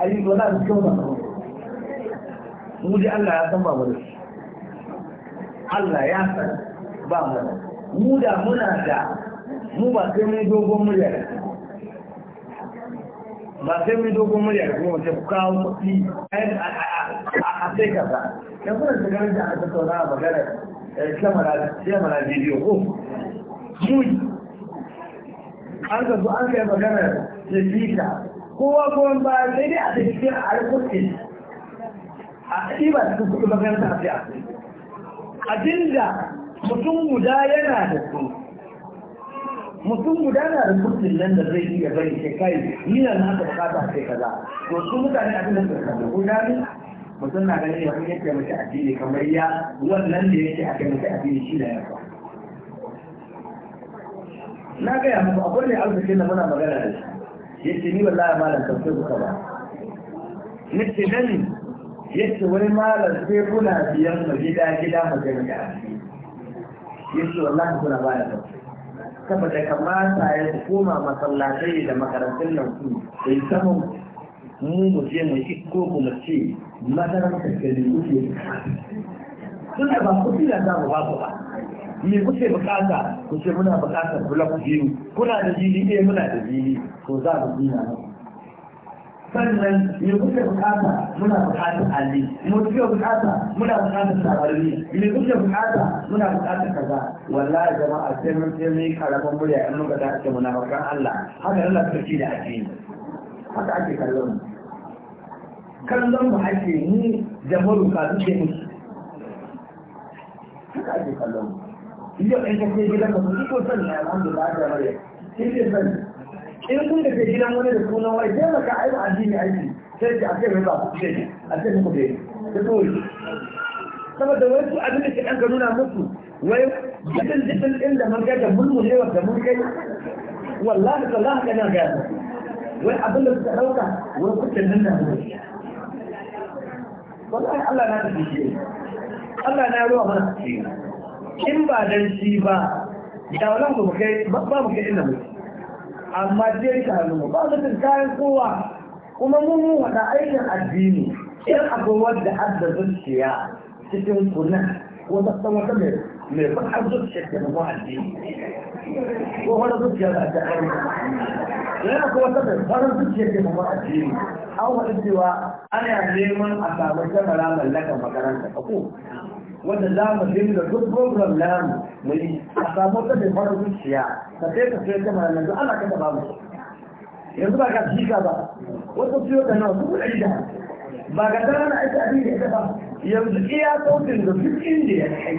a yi zuwa da kyau da kawo. Mu ji Allah ya san Allah ya san ba Mu da muna da mu ba sai mun dogon murya ba sai mun dogon murya kuma mace ku kawo kuɗi a sai kaza da kuma su ganin da aka tattauna a maganar eh, kyamara bidiyo ko mu an ka zo an kai maganar da fita kowa kuma ba sai dai a cikin harkokin a ba cikin kuɗi maganar ta fiya abinda mutum guda yana da su mutum guda na da kudin nan da zai iya bari sai kai ni na na aka bukata sai kaza to su mutane abin da suka da guda ne mutum na ganin ya kuma yake mace addini kamar ya wannan da yake kai mace addini shi da ya fa na gaya muku akwai ne arzikin da muna magana da shi yace ni wallahi malam kan sai ba ba nace nan ce wani malam sai kuna biyan mu gida gida mu kai mu addini yace wallahi kuna ba da saboda kamata ya koma masallatai da makarantun nan su da yi samun mu mu je mu shi ko kuma ce makarantar gari kuke tun da ba kuɗi na za mu ba ba me kuke bukata ku ce muna bukatar blok biyu kuna da jini ɗaya eh, muna da jini Ko za mu gina nan sannan me kuke bukata muna bukatar alli me kuke bukata muna bukatar sabarni me kuke bukata muna bukatar kaza wallahi jama'a sai mun sai mun karaman murya in mun muka dace muna bakan Allah haka Allah take da addini haka ake kallon kallon mu ake ni jama'u ka duke mu haka ake kallon yau in ka ce gidan ka ko sannan alhamdulillah da murya sai dai sannan in kun da ke gidan wani da sunan wani sai maka aiki addini aiki sai ki ake mai ba ku ce ne a ce muku ne ta tsori saboda wai su abin da ke ɗan nuna musu wai jikin jikin ɗin da mun kai da ne da mun kai wallahi wallahi kana ga wai abin da suka ɗauka wai kuɗin nan da mun wallahi Allah na tafi shi Allah na ruwa mana in ba dan shi ba da wannan ba mu kai ba mu kai inda muke amma je ka hannu ba su cin kayan kowa kuma mun mu wada aikin addini in akwai wadda adda zuciya cikin kunan ko ta san wata mai mai bakar zuciya da mu addini ko wani zuciya da ta karni yana akwai wata mai farin zuciya da mu addini an wani cewa ana neman a samu jama'a mallakan makaranta ko wanda za mu dinga duk program namu mu yi a samu ta mai fara zuciya ta sai ka sai ta mana yanzu ana kada babu yanzu ba ka jika ba wasu siyo da nawa dubu ɗari da ba ga dara na aiki abin da ita ba yanzu iya sautin da duk inda ya kai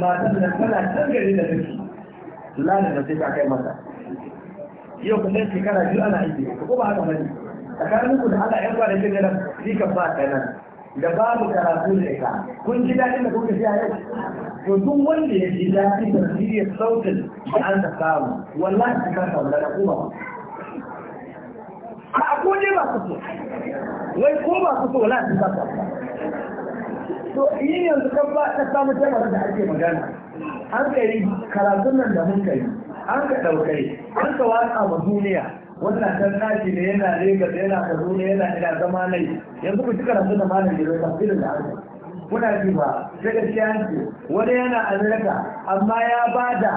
ta da tana can gari da duki lalata da sai ka kai mata yau ka sai shekara biyu ana aiki ko ba haka bane tsakaninku ku da Allah ya kwa da kin nan shi kan ba ta nan da babu karatu da ka kun ji daɗin da kuka ji a yau to duk wanda ya ji daɗi da siriyar sautin da an ta samu wallahi ka kan samu da kuma a ko ne ba ku so wai ko ba ku so wallahi ka samu to yi yanzu kan ba ta samu jama'a da ake magana an yi karatun nan da mun kai an ka ɗaukai an ka watsa ma duniya wannan kan naki ne yana Legas yana ne yana ina zama nai yanzu ku cika rasu da malam Jiro tafsirin da aka kuna ji ba sai gaskiya ce wani yana Amerika amma ya bada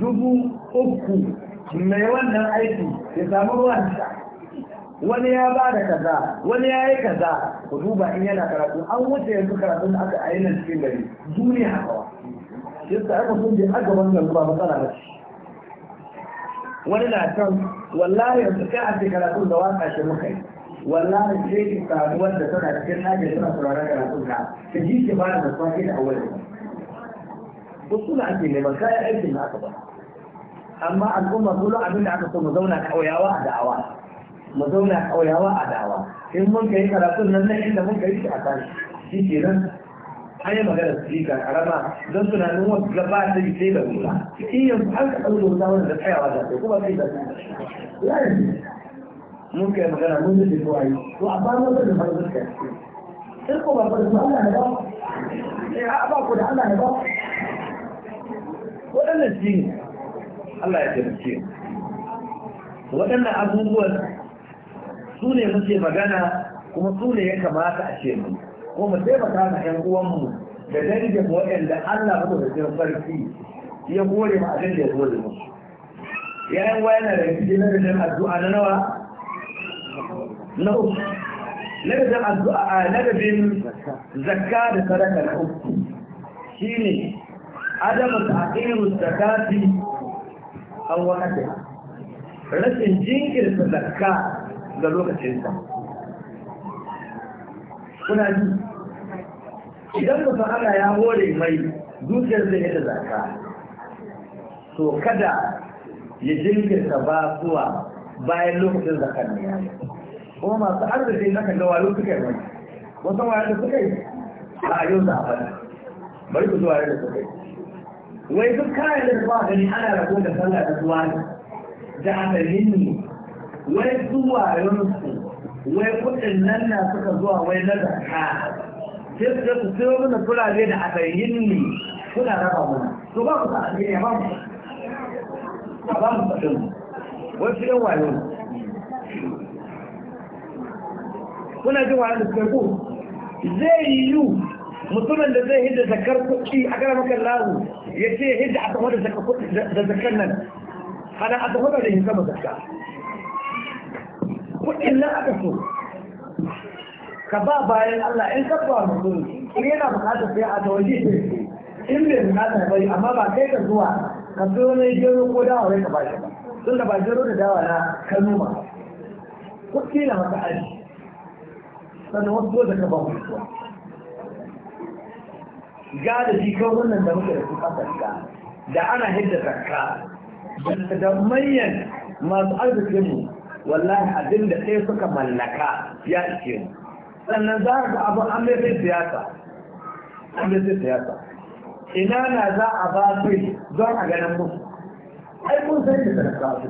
dubu uku mai wannan aiki ya samu ruwan sha wani ya ba da kaza wani ya yi kaza ku duba in yana karatu an wuce yanzu karatun da aka aina cikin gari duniya hakawa shi aka sun je aka wannan ruwa matsala ba shi. wani na can wallahi yanzu kai a ce karatun da waka shi muka yi wallahi sai ki samu wanda tana cikin ɗakin suna sauraron karatun ka ka ji shi ba da nasuwa ke da awalin ba su na ake neman kayan aikin na aka ba amma al'umma kullum abin da aka so mu zauna ƙauyawa a da'awa mu zauna ƙauyawa a da'awa in mun kai karatun nan na inda mun kai shi a tashi shi ke nan an yi magana sirika karama don tunanin wasu gaba ta yi sai da rula in yanzu an ka ɗaure wuta wanda da tsayawa da ta kuma sai da rula mun kai magana mun yi da yi to a bayan wata da farko ka yi sai ko ba ba da Allah na ba eh a ba ku da Allah na ba waɗannan shi ne Allah ya taimake waɗannan abubuwan su ne muke magana kuma su ne ya kamata a ce mu ko mu taimaka ma uwan uwanmu da dangin waɗanda Allah ba da cikin farki ya gore ma abin da ya gore mu yayin wa na da cikin da addu'a na nawa na uku da addu'a a bin zakka da sadaka na uku shine adamu ta'khirus zakati an waqtiha rashin jinkirta zakka ga sa kuna ji idan mutum ana ya hore mai zuciyar zai da zaka to kada ya jinkirta ba zuwa bayan lokacin zakar ne kuma masu arziki na kan gawa lokacin mai wasu wayar da suka yi a yau da abada bari ku zuwa yadda suka yi wai duk kayan da ba gani ana rago da sallah da zuwa da asalin ne wai zuwa yau wai kuɗin nan na suka zuwa wai na Ha, sai su ku sayo mana turare da aka yi ne kuna raba mana to ba ku sa alheri ba mu ba mu faɗin wai su ɗan wayo kuna jin wayo da ku zai yiwu mutumin da zai hidda zakar kuɗi a gara maka lawu ya ce hidda a tafi da zakar nan ana a tafi da hidda zakar kuɗin na aka so ka ba bayan Allah in ka ba mutum ne yana bukatar sai a tawaji sai in bai bukatar bari amma ba kai ka zuwa ka zo ne gero ko dawa wai ka ba shi ba tun da ba gero da dawa na ka noma kuɗi na maka aji sannan wasu da ka ba mu kuwa shi kan wannan da muke da su kasarka da ana hidda zakka da manyan masu arzikinmu wallahi abin da ɗaya suka mallaka ya ishe mu sannan za ka abu an bai sai siyasa an bai sai siyasa ina na za a ba su don a ganin mu ai mun san da talaka su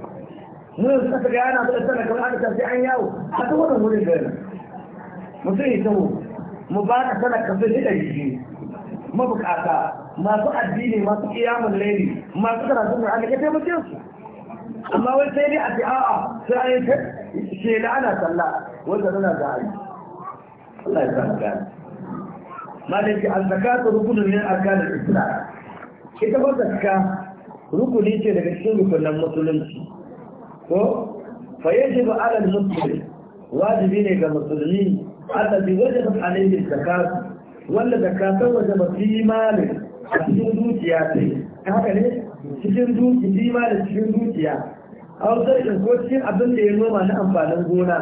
mun saka ga yana da talaka an ta sai an yawo a ta wannan wurin gari mutum ya tawo mu ba ka talaka su shi da mabukata masu addini masu kiyamun laili masu karatun Qur'ani ka taimake su amma wai sai dai a fi a'a sai an yi da ana sallah wanda nuna ga hari Allah ya sa gani malaki al rukunin rukunun min arkanil islam ita ba zakka rukuni ce daga cikin rukunan musulunci ko fa yajibu ala al-muslim wajibi ne ga musulmi allazi wajaba alayhi zakat wanda zakatan wajaba fi malin a cikin zuciya ce haka ne cikin duki jima da cikin dukiya au sarkin ko cikin abin da ya noma na amfanin gona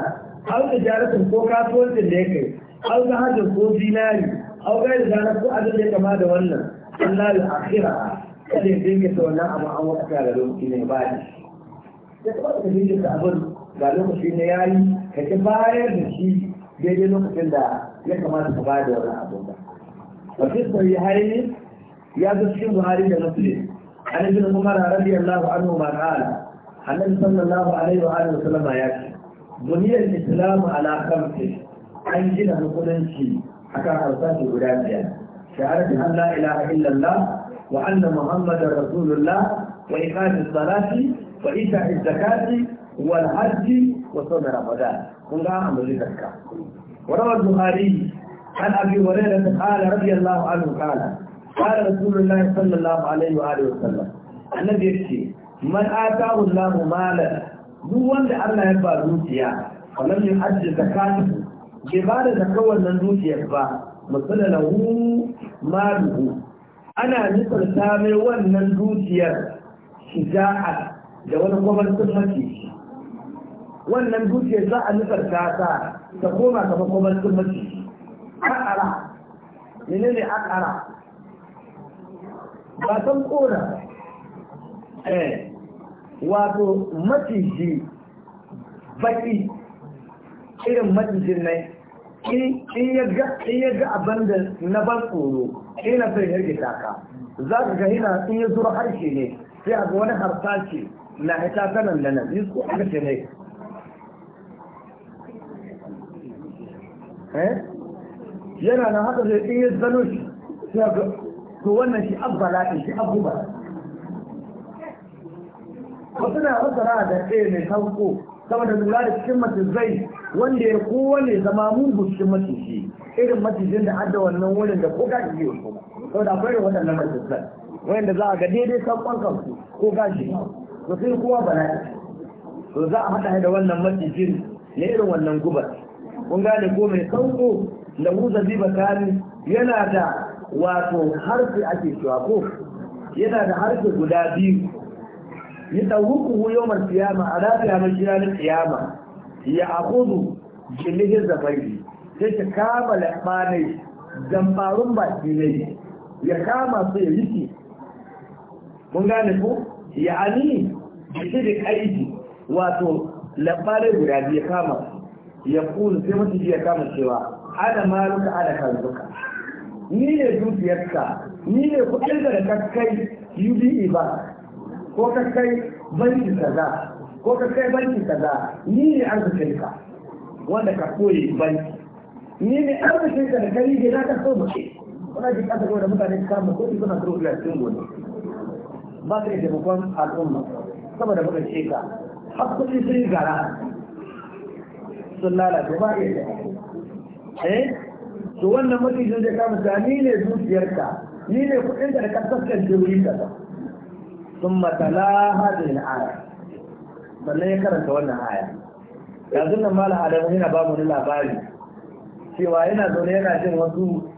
au da jaratin ko kasuwancin da ya kai au da hajjin ko zinari au ga da zanar ko abin da ya kama da wannan Allah da akhira kada ya dinga ta wannan amma an wata da lokaci ne ba ne ya kuma ka dinga ta abin ga lokaci na yayi ka ki bayar da shi daidai lokacin da ya kamata ka bayar da wannan abin ba. Wasu sun hari ne ya zo cikin Buhari da Muslim عن ابن عمر رضي الله عنهما قال النبي صلى wa عليه واله وسلم ياتي بني الاسلام على خمس an gina hukunci akan harsashi guda biyar shahadatu an la ilaha illallah wa anna muhammadar rasulullah wa iqamis salati wa ita'iz zakati wal hajji wa sawm ramadan kun ga amuri zakka wa rawal bukhari an abi hurairah qala radiyallahu anhu qala kare rasulun lai sallallahu alaihi wa alaihi wasallam annabi ya ce man atahu Allah mala duk wanda Allah ya ba zuciya wannan ne ajje zakatu ke ba da zakar wannan zuciya ba masalala hu ana nufin ta mai wannan zuciyar shija'a da wani kwamar sun wannan zuciyar za a nufin ta sa koma kamar kwamar sun mace shi akara menene akara ba san kona eh wato matiji baki irin matijin nai, in ya ga abin da na ban tsoro ina sai hirgita taka. za ka ga ina in ya zura harshe ne sai a ga wani harsashi na hita ta nan da nan yi su aka ce ne eh? yana na haka zai in ya zano shi sai a ga to wannan shi abba latin shi abu ba wasu na fasara da ɗaya mai sauko sama da lura da cikin mace zai wanda ya kowane zama mugu cikin shi irin macijin da adda wannan wurin da ko gashi zai wasu saboda akwai irin waɗannan macizan wanda za a ga daidai sankon kansu ko gashi to sai kowa bala'i to za a haɗa da wannan macijin na irin wannan gubar kun gane ko mai sauko da huza ziba kani yana da wato harfi ake cewa ko yana da harfi guda biyu ya ɗauku mar siyama a rafiya mai jira na kiyama ya akudu jilihin zafari sai ta kama lambanai zambarun baki ne ya kama su ya rike mun gane ko ya ani da shirin aiki wato lambanai guda biyu ya kama ya kulu sai mutum ya kama cewa ana maluka ana kanzuka ni ne dukiyarka ni ne kuɗin da kakkai UBE ba ko kakkai banki kaza ko kakkai banki kaza ni ne arzikinka wanda ka koyi banki ni ne arzikinka da kai ne na ka so mu ce kuna ji kasa da mutane ka mu kuɗi suna turo ila cikin gobe ba sai da mukon al'umma saboda muka ce ka har kuɗi sun gara sun lalace ba iya da eh to wannan mutum zai kama ta ni ne zuciyarka ni ne kuɗin da ka tsakance wuri kaza sun matala hadin aya sannan ya karanta wannan aya yanzu nan mala adamu yana ba mu labari cewa yana zaune yana jin wasu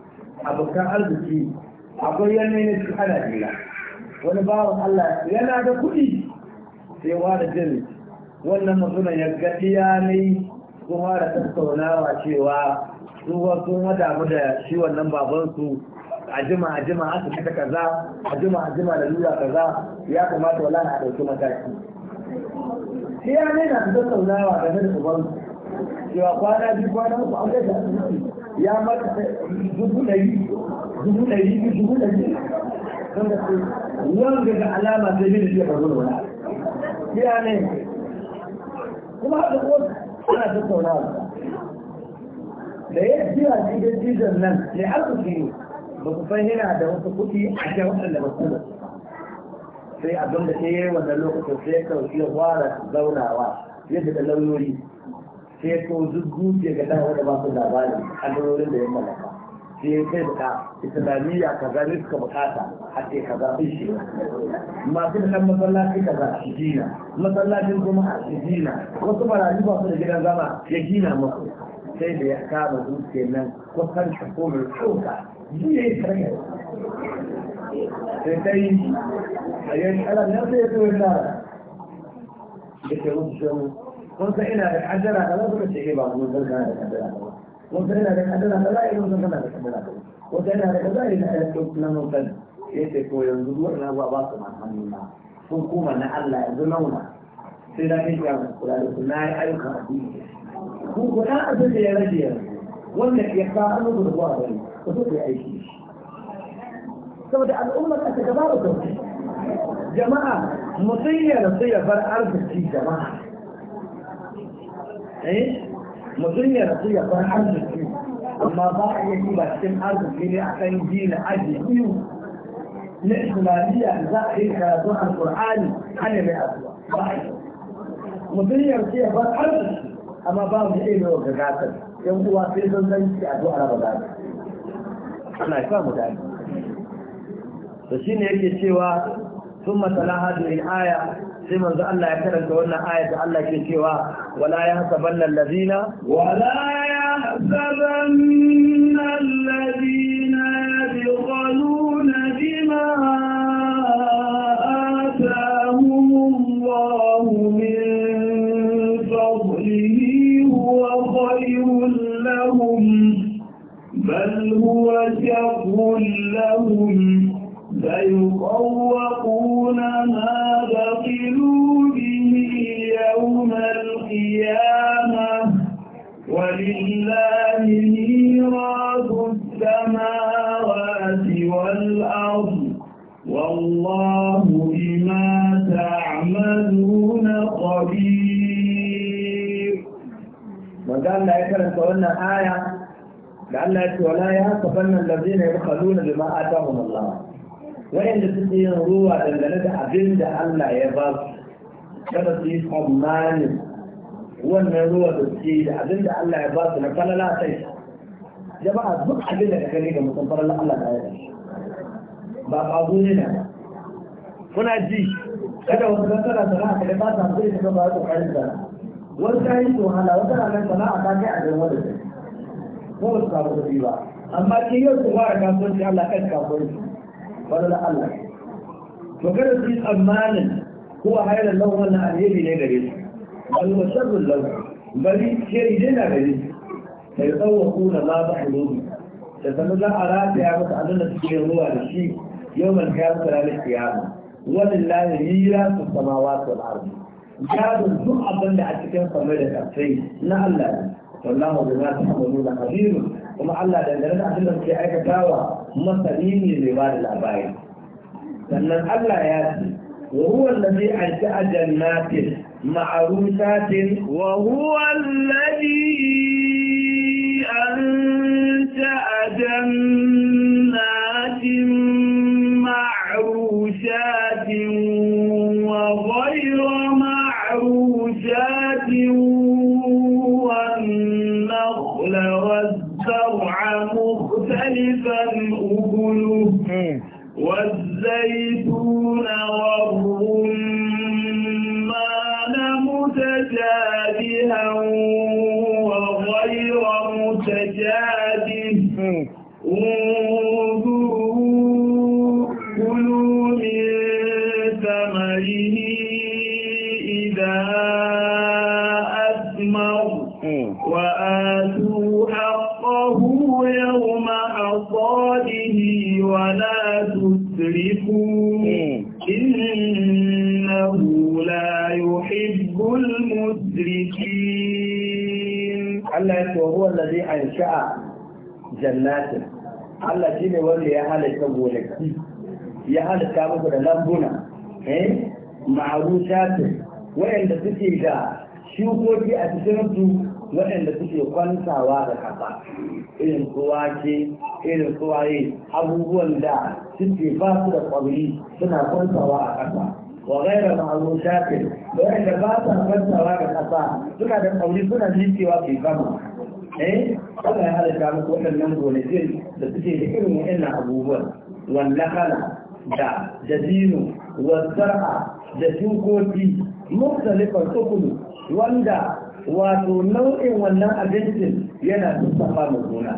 abokan arziki akwai yanayi ne shi ana jira wani bawan Allah yana da kuɗi sai wani jin wannan mutumin ya ga ya ne kuma da tattaunawa cewa su sun hada mu da shi wannan baban su a jima a jima aka kata kaza a jima a jima da lura kaza ya kamata wala na dauki mataki shi ya ne na fita saunawa game da uban cewa kwana biyu kwana uku an gaisa ya mata dubu ɗari dubu ɗari biyu dubu ɗari don da su wanda ga alama sai bin shi ya faru shi wani ya ne kuma haka kuma ana tattaunawa da ya jira jirgin dizon nan ne har su ne ba su san yana da wasu kuɗi a kan waɗanda ba su sai abin da ta yi wannan lokacin sai ka kauce fara zaunawa yadda da lauyoyi sai ko zuzu ke ga dawo da ba su a allurorin da ya mallaka sai kai buka islamiyya kaza ne suka bukata a ce kaza sun shi masu da kan masallaci kaza su gina masallacin kuma a shi gina wasu marayu ba su da gidan zama ya gina musu سيد يحكام وجود كينان كفر حكوم الحوكة جيه يتحرك سيتين أيان حالا نفسي يتوي النار بك يمشو كنت إنا بحجنا فلا كنت شيئي بعض من ذلك أنا بحجنا كنت إنا بحجنا فلا إنا بحجنا فلا إنا بحجنا كنت إنا بحجنا إنا بحجنا فلا إنا بحجنا يتكو ينزدور نوى باطم عن حميما فنكوما نعلى ذنونا سيدا كنت يا رسول الله سيدا كنت يا رسول الله هو لا أبدا يا رجل وأنك يقع أنه بالغوار وتطلع أي شيء saboda al'ummar ta gaba da sauki jama'a mutum ya rasu ya bar arziki jama'a eh mutum ya rasu ya bar arziki amma ba a yi ba cikin arziki ne a kan gina aji biyu na islamiyya za a yi karatun alkur'ani hana mai azuwa ba a yi mutum ya rasu ya bar arziki amma ba mu ɗaya mai ga gasar yan uwa sai zan zanci a zuwa raba gasar ana sa mu dani to ne yake cewa sun matsala hadu in aya sai manzo Allah ya karanta wannan aya, da Allah ke cewa wala ya hasabanna allazina wala ya hasabanna يكن لهم فيطوقون ما بخلوا به يوم القيامة ولله ميراث السماوات والأرض والله بما تعملون قدير. وقال لا يكرم قولنا آية لأن ولا يتفنن الذين يبخلون بما آتاهم الله وين تسيين روى دلالك أبين دا الله يبال كما تسيين حمان وإن روى تسيين أبين دا الله يبال فلا لا تيس جماعة بك أبين دا كريكا مصنفر الله الله لا يبال باب أبوننا هنا جيش كده وتذكر صلاة لباس عبدالي كما تقول حيثنا وانتهيت وحلا وانتهى من صلاة تاكي أبين ودده ko su kafirci ba amma ke yau su fara kafirci Allah kan kafirci wani da Allah to kada su yi tsammanin ko a hayar lau wannan alheri ne gare su bal wa sharrul lau bari shiri ne na gare su sai tsawaku na ma ba hudu da sanin za a rataya masa abin da suke ruwa da shi yau mai kayan tsirarin kiyama ولله ميراث السماوات والارض جاد الزعب اللي عتكن فمدك في لا الله wallahu bima ta'maluna khabir kuma Allah dangane da abin da kuke aikatawa masani ne mai ba da labari sannan Allah ya ce wa huwa allazi anta'a jannatin ma'rusatin wa huwa حنفا أكله والزيتون والرمان متجابها وغير متجابه انظروا كلوا من sha'a jannatin Allah shi ne wanda ya halitta gonaki ya halitta muku da lambuna eh ma'arushatin waɗanda suke da shukoki a cikin su waɗanda suke kwantawa da kafa irin su wake irin su waye abubuwan da suke ba su da ƙwari suna kwantawa a ƙasa wa gaira ma'arushatin waɗanda ba sa kwantawa da ƙasa suna da ƙwari suna jikewa ke kama eh Allah ya halitta muku waɗannan gonakin da suke da irin waɗannan abubuwan wallakala da jazino wazzara da shukoki muktalifar tukulu wanda wato nau'in wannan abincin yana sassafa mu gona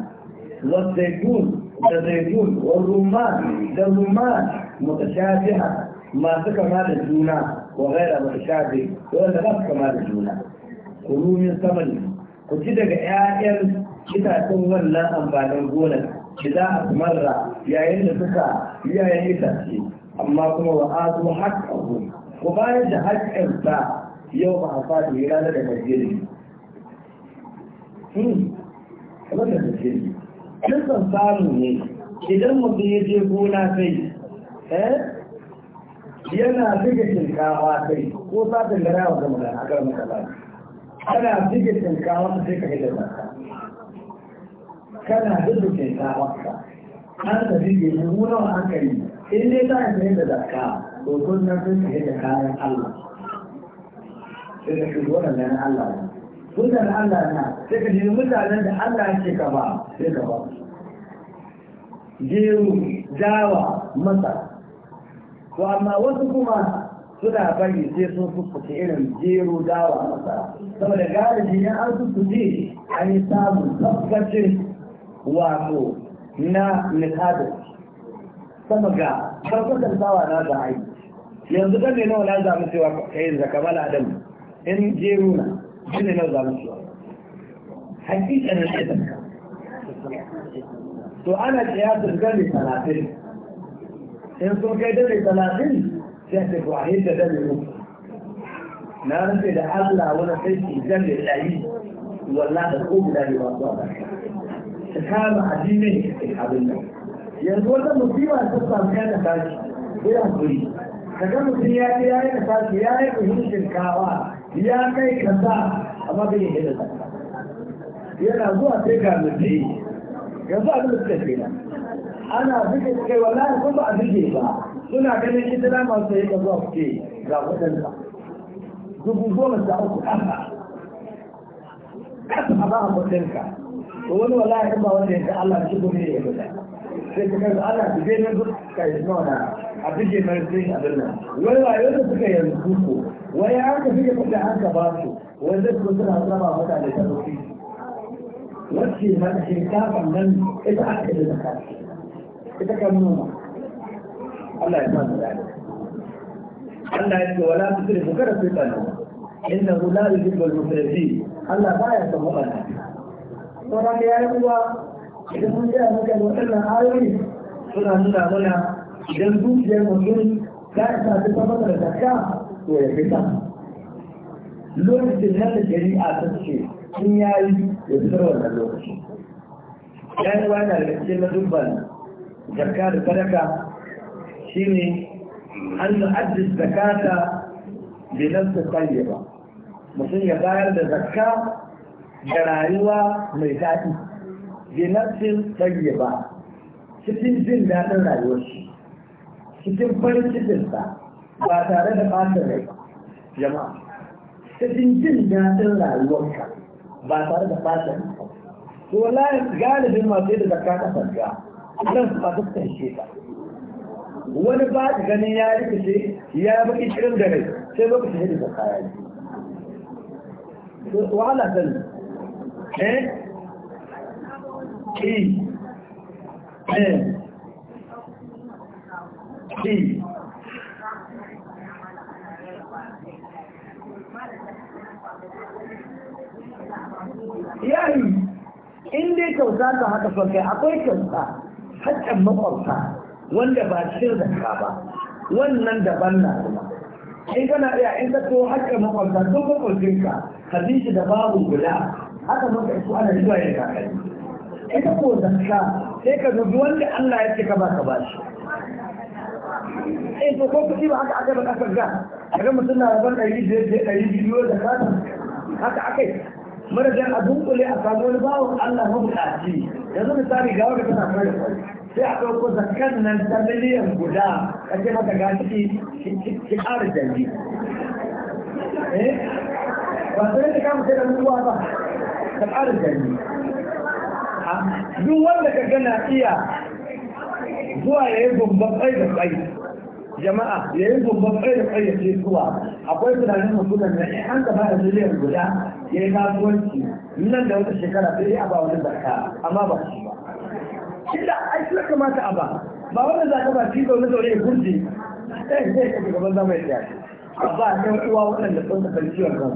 zaitun da zaitun wa rumman da rumman mutashabiha masu kama da juna wa gaira mutashabi wanda ba su kama da juna kuru min samani ku ci daga 'ya'yan itacen wannan amfanin gonar ki za a marra yayin da suka yayin itace amma kuma wa azu haqqahu ku bayar da haƙƙin sa yau ba hafa da ranar da gajeri hmm, kamar da gajeri dukkan samu ne idan mutum ya je gona sai eh, yana buga shinkafa kai ko satin da rawa ga magana a kan kana buge shinkawa sai ka da zaka kana buge shinkawa ka da buge ne wuna wa hankali in dai za ka da zakka to kun nan sun ka da kayan Allah sai ka shi wannan nan Allah ne Mutanen Allah na sai ka ji mutanen da Allah ke ka ba sai ka ba gero dawa masa to amma wasu kuma suna bari sai sun fuskuta irin jero dawa masara saboda galibi na an fuskuce an yi samun tabbacin wato na nikadar sama ga farkon dawa na da aiki yanzu kan ne nawa na zamu cewa ka kayan zakamala adam in jero na shi ne nawa zamu cewa hakikan na ɗaya to ana tsaye da gani talatin in sun kai dare talatin sai ta kwahin da zan yi na rufe da Allah wani sarki zan da ɗari walla da ko guda ne ba zuwa ba ta kama addinin abin nan yanzu wata musiba ta samu ya da tashi ko ya guri kaga mutum ya ce ya yi da tashi ya yi kuhin shinkawa ya kai kaza amma bai yi da tashi yana zuwa sai ga mutum yanzu abin da suka ce ana zuke kai wala ko ba a zuke ba suna ganin ita na masu yi ga zuwa ke ga waɗanda dubu goma sha uku ƙasa ƙasa a ba a kuɗinka to wani wala ya ba wanda yanzu Allah shi gumi ya guda sai kuma kanzu Allah su zai yanzu ka yi nuna a cikin mai zai abinda. Wani ba wayo da suka yanzu ko Waya an ka kuma kuɗi an ka ba su wai zai kuma suna raba mutane da rufi wacce mata shinkafa nan ita aka yi da ita kan nuna. Allah ya samu da Allah ya ce wala tusrifu kada ku tsano innahu la yuhibbul musrifin Allah baya son mutane sauran da yayi kuwa idan mun ga maka wannan ayoyi suna nuna mana idan zuciyar mutum ta isa ta zama da zakka to ya ta. lokacin nan da shari'a ta ce in yayi ya fitar wannan lokaci ya yi wani da cikin madubban zakka da sadaka shine an nu'addi zakata bi nafsi tayyiba mutum ya bayar da zakka da rayuwa mai daɗi bi nafsi tayyiba cikin jin daɗin rayuwar shi cikin farin cikinsa ba tare da ɓata rai jama'a cikin jin daɗin rayuwarka ba tare da ɓata rai to la galibin masu da zakka ta farga nan ba su kan shi ta wani ba da ganin ya rikice ya baki shirin da rai sai ku hidin da kaya ne wahala sani eh ki eh ki yayi in dai kyauta ta haka son kai akwai kyauta haƙƙin maƙwabta. wanda ba cikin zakka ba wannan daban na kuma in kana iya in ka to hakka makwabta to makwabcinka ka bi shi da babu guda haka maka su ana zuwa yin kakari ka ko zakka sai ka dubi wanda Allah ya ce ka ba ka ba shi in eh, to ko kuɗi ba haka aka ba kasar ga kaga mutum na rabar ɗari biyar da ɗari biyu da kasa haka aka yi marajan a dunkule a samu wani bawon Allah mabuƙaci yanzu misali ga wanda tana fara kwari sai a ɗauko zakan nan ta miliyan guda a ce maka ga ciki ki ƙara jalli eh ba su ne kama sai da nuwa ba da ƙara A duk wanda ka gana iya zuwa ya yi gumban ƙai da ƙai jama'a ya yi gumban ƙai da ƙai ya ce zuwa akwai tunanin mutumin na ɗaya, an gaba da miliyan guda ya yi kasuwanci nan da wata shekara sai ya ba wani zakka amma ba shi da ai shi kamata a ba ba wanda za ka ba shi zaune zaune ya gurje sai eh, sai eh, ka gaban zama ya a ba ɗan uwa waɗanda sun ka san ciwon kan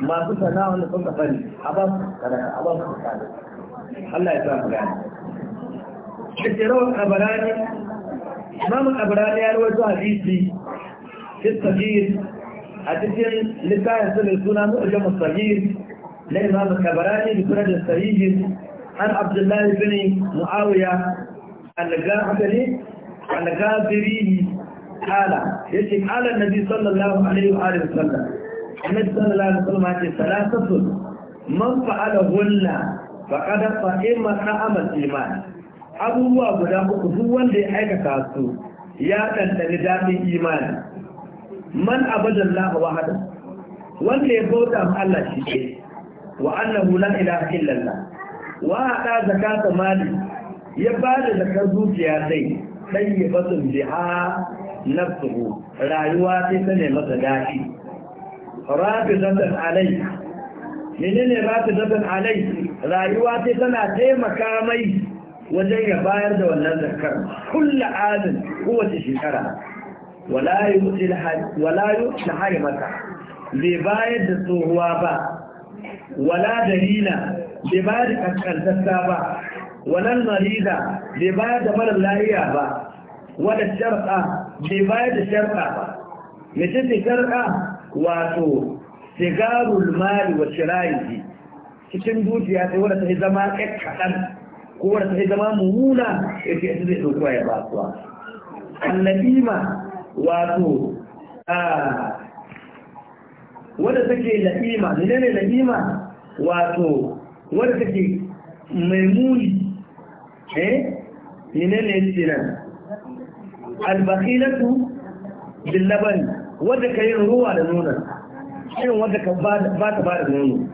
masu wanda sun ka a ba su a ba su Allah ya sa ya rawaito hadisi, a cikin littafin suna suna Mu'ajen na da Sunan an abdullahi bin mu'awiya al-gafiri al-gafiri kala yace kala annabi sallallahu alaihi wa alihi wasallam annabi sallallahu alaihi wasallam yace salasatu man fa'ala hunna faqad fa'ima na'ama iman abubuwa guda uku duk wanda ya aika su ya dandani daɗin imani man abadallahi wahada wanda ya bauta ma Allah shi ke wa annahu la ilaha illallah wa haɗa ta mali ya ba da zakar zuciya sai ɗan ya basun na nafsuhu rayuwa sai ta ne masa daɗi rafi zatan alai menene rafi zatan alai rayuwa sai tana taimaka mai wajen ya bayar da wannan zakar kulla amin kowace shekara wala yu'ti al-harimata bai bayar da tsohuwa ba wala dalila bai ba da kaskantasta ba wannan marida bai ba da marar lahiya ba wala shar'a bai ba da shar'a ba mace ce shar'a wato sigarul mali wa shirayi cikin dukiya sai wadda ta zama kakkaɗan ko wadda ta zama muhuna ya ce ita zai ɗauka ya basuwa annabima wato wadda take la'ima ne ne la'ima wato wadda ke mai muni eh ne ne ce nan albakilatu bin labani wadda ka yin ruwa da nuna shi wadda ka ba ta ba da nono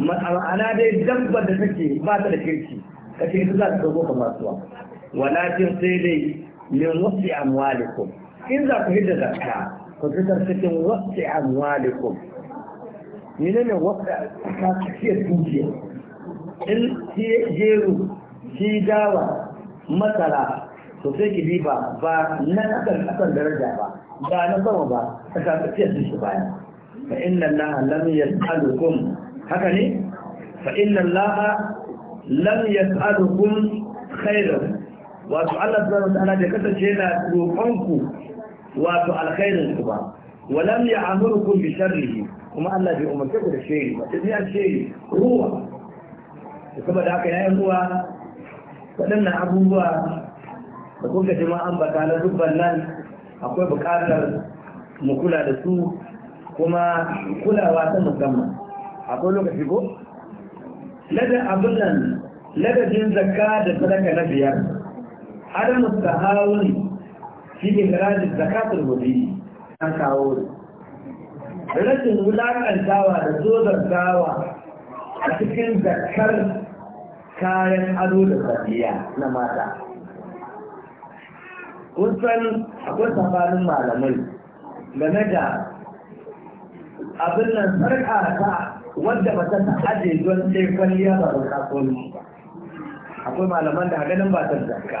ma'ana dai dabbar da take ba ta da kirki ka ce su za ta dogo ka masuwa walakin sai dai min an amwalikum in za ku hidda zakka ku fitar cikin wasu amwalikum ne wasu ta tsakiyar dukiya in jeru shi dawa matsala to sai ki diba ba na kasan kasan daraja ba ba na sama ba ta kafin da shi baya fa inna allaha lam yas'alukum haka ne fa inna allaha lam yas'alukum khairan wato Allah subhanahu wataala bai kasance yana roƙon ku wato alkhairin ku ba wa lam kun bi sharrihi kuma Allah bai umarce ku da shiri ba sai an shiri ruwa da kuma da aka yayin uwa waɗannan abubuwa da kuka jama'an baka na dubban nan akwai buƙatar mu kula da su kuma kulawa ta musamman akwai lokaci ko ladan abin nan ladajin zakka da sadaka na biyar adamu tahawun shi ne garajin zakatul mubi an kawo rashin wulaƙantawa da zozartawa a cikin zakkar kayan ado da safiya na mata kusan akwai sabanin malamai game da abin nan sarka ta wadda ba ta ajiye don sai kwalliya ba ta kasuwanci akwai malaman da haganin ba ta zarka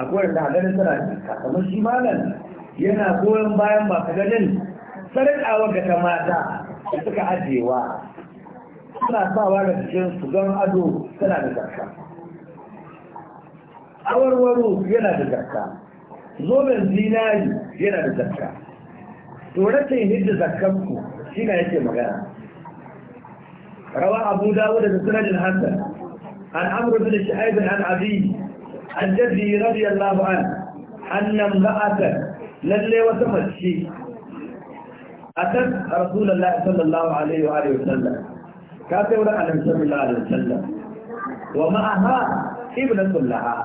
akwai da haganin tana zarka kamar shi malam yana goyon bayan ba ka ganin sarka wadda ta mata da suka ajewa suna sawa da cikin su don ado tana da zakka awarwaro yana da zakka zoben zinari yana da zakka to rashin hidda zakkan ku shi na yake magana rawa abu dawud da sunan hasan an amru bin shu'aib an abi an jaddi radiyallahu an annam ra'atan lalle wata mace atat rasulullahi sallallahu alaihi wa alihi wa sallam كاتب ولا أنا بسم الله عليه وسلم ومعها ابنة لها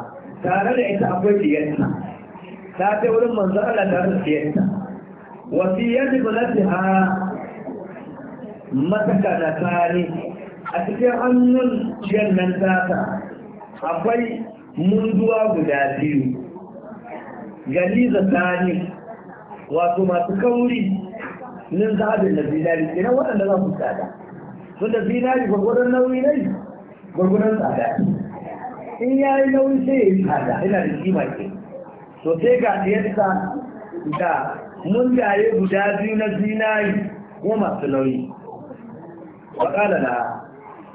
كان لعيسى أبوي ديتنا كاتب ولا منظر لها ديتنا وفي يد بلدها متك نتاني أتكي أن الجنة ذاتا أبوي منذ أولادي جليزة ثاني وأتوما تكوري من ذهب النبي ذلك إلى وأنا لا أبو tun da zinari gwagwadon nauyi ne gwagwadon tsada in ya yi nauyi sai ya yi tsada ina da kima ke to sai ga ɗiyarsa da mun jaye guda biyu na zinari ko masu nauyi wakala na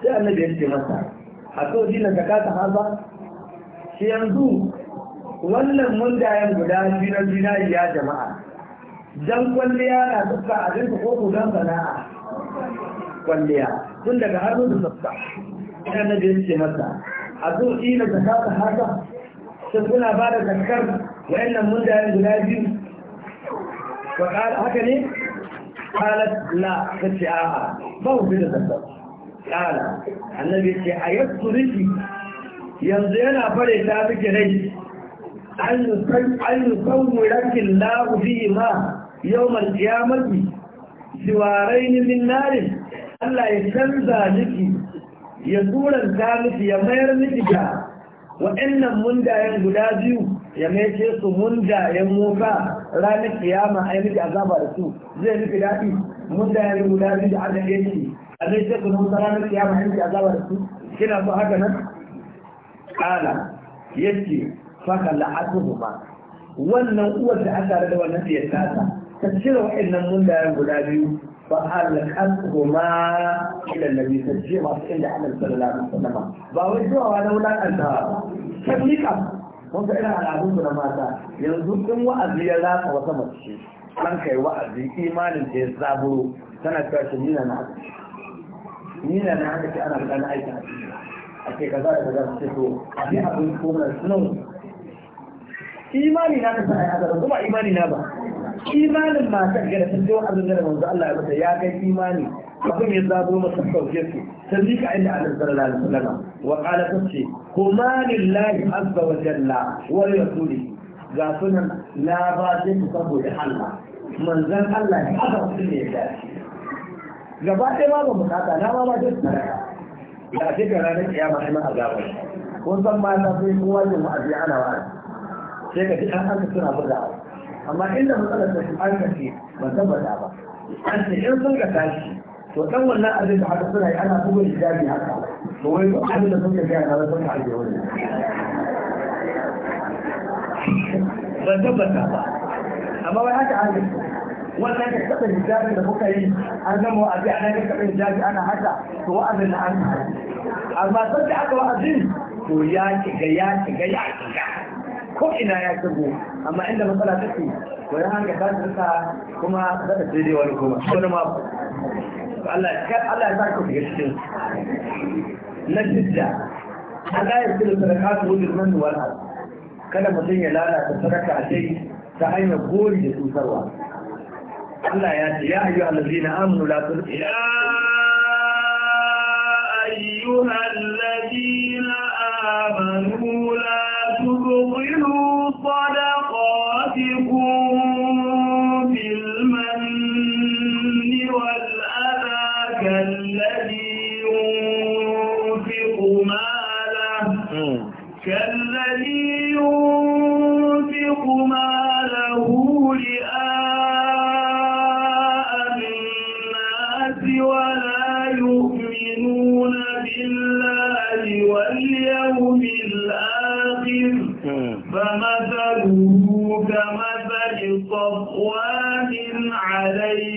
sai annabi ya ce masa a so dina ka kasa haza shi yanzu wannan mundayen guda biyu na zinari ya jama'a jan kwalliya na dukkan abin ko don sana'a kwalliya tun daga hannun da sassa ina da biyar ce masa a zuwa ina da sata haka su suna ba da zakar nan mun da guda biyu ba ƙara haka ne ƙalat na ta ce a ba mu da sassa ƙara annabi ce a yadda riki yanzu yana fare ta suke rai an yi sauwi rakin la'ubi ma yau mal kiyamati siwarai ni min narin Allah ya canza miki ya turanta miki ya mayar miki da waɗannan mundayen guda biyu ya mece su mundayen moka ranar kiyama a miki azaba da su zai miki daɗi mundayen guda biyu da aka yanki a zai ce kuma wata ranar kiyama a miki azaba da su kina so haka nan kala yace faka la'atuhuma wannan uwar da aka da wannan fiye ta ta cire waɗannan mundayen guda biyu فألقتهما إلى النبي صلى الله عليه وسلم باوي جوا وانا ولا أنت تبليك أب mun ga irin al'adun na mata yanzu in wa'azi ya lafa wata mace an kai wa'azi imanin ta ya zaburo tana cewa nina na haka nina ana bukatar aiki a ce kaza ce to a bi imani na ta sana'a da kuma imani na ba imanin matar ga da sun ji wa'azin da manzo Allah ya mata ya kai imani abin ya zabo masa sauke su sai dika inda Allah sallallahu alaihi sunana. wa ta ce, kuma lillahi azza wa jalla wa rasuli ga sunan la ba su saboda Allah manzan Allah ya aka su ne da gaba ɗaya ma ba bukata na ma ba ta sana'a da ake ranar kiyama sai ma a gaba. kun san ma na sai kowa ne mu aje ana wa'azi sai ka ji an haka suna bugawa amma inda matsalar da su an kace ba tabbata ba an ce in sun ka tashi to dan wannan abin da haka suna yi ana bugun hijabi haka to wai duk abin da sun ka gaya na sun ka ajiye wani ba tabbata ba amma wai haka an kace wannan ka taɓa hijabi da kuka yi an zama wa'azi a nan ka taɓa hijabi ana haka to wa'azin na an amma sun da aka wa'azin to ya shiga ya shiga ya shiga ko ina ya shigo amma inda matsala take wani hanga ta duka kuma za ta daidai wani kuma wani ma Allah ya sa ku shiga cikin na jidda Allah ya ce da sadaka su wujin nan wal'ad kada mutum ya lalata sadaka a sai ta hanyar gori da tutarwa Allah ya ce ya ayyu allazina amanu la tulqu ya ayyuha allazina amanu la تبطلوا صدقاتكم عليه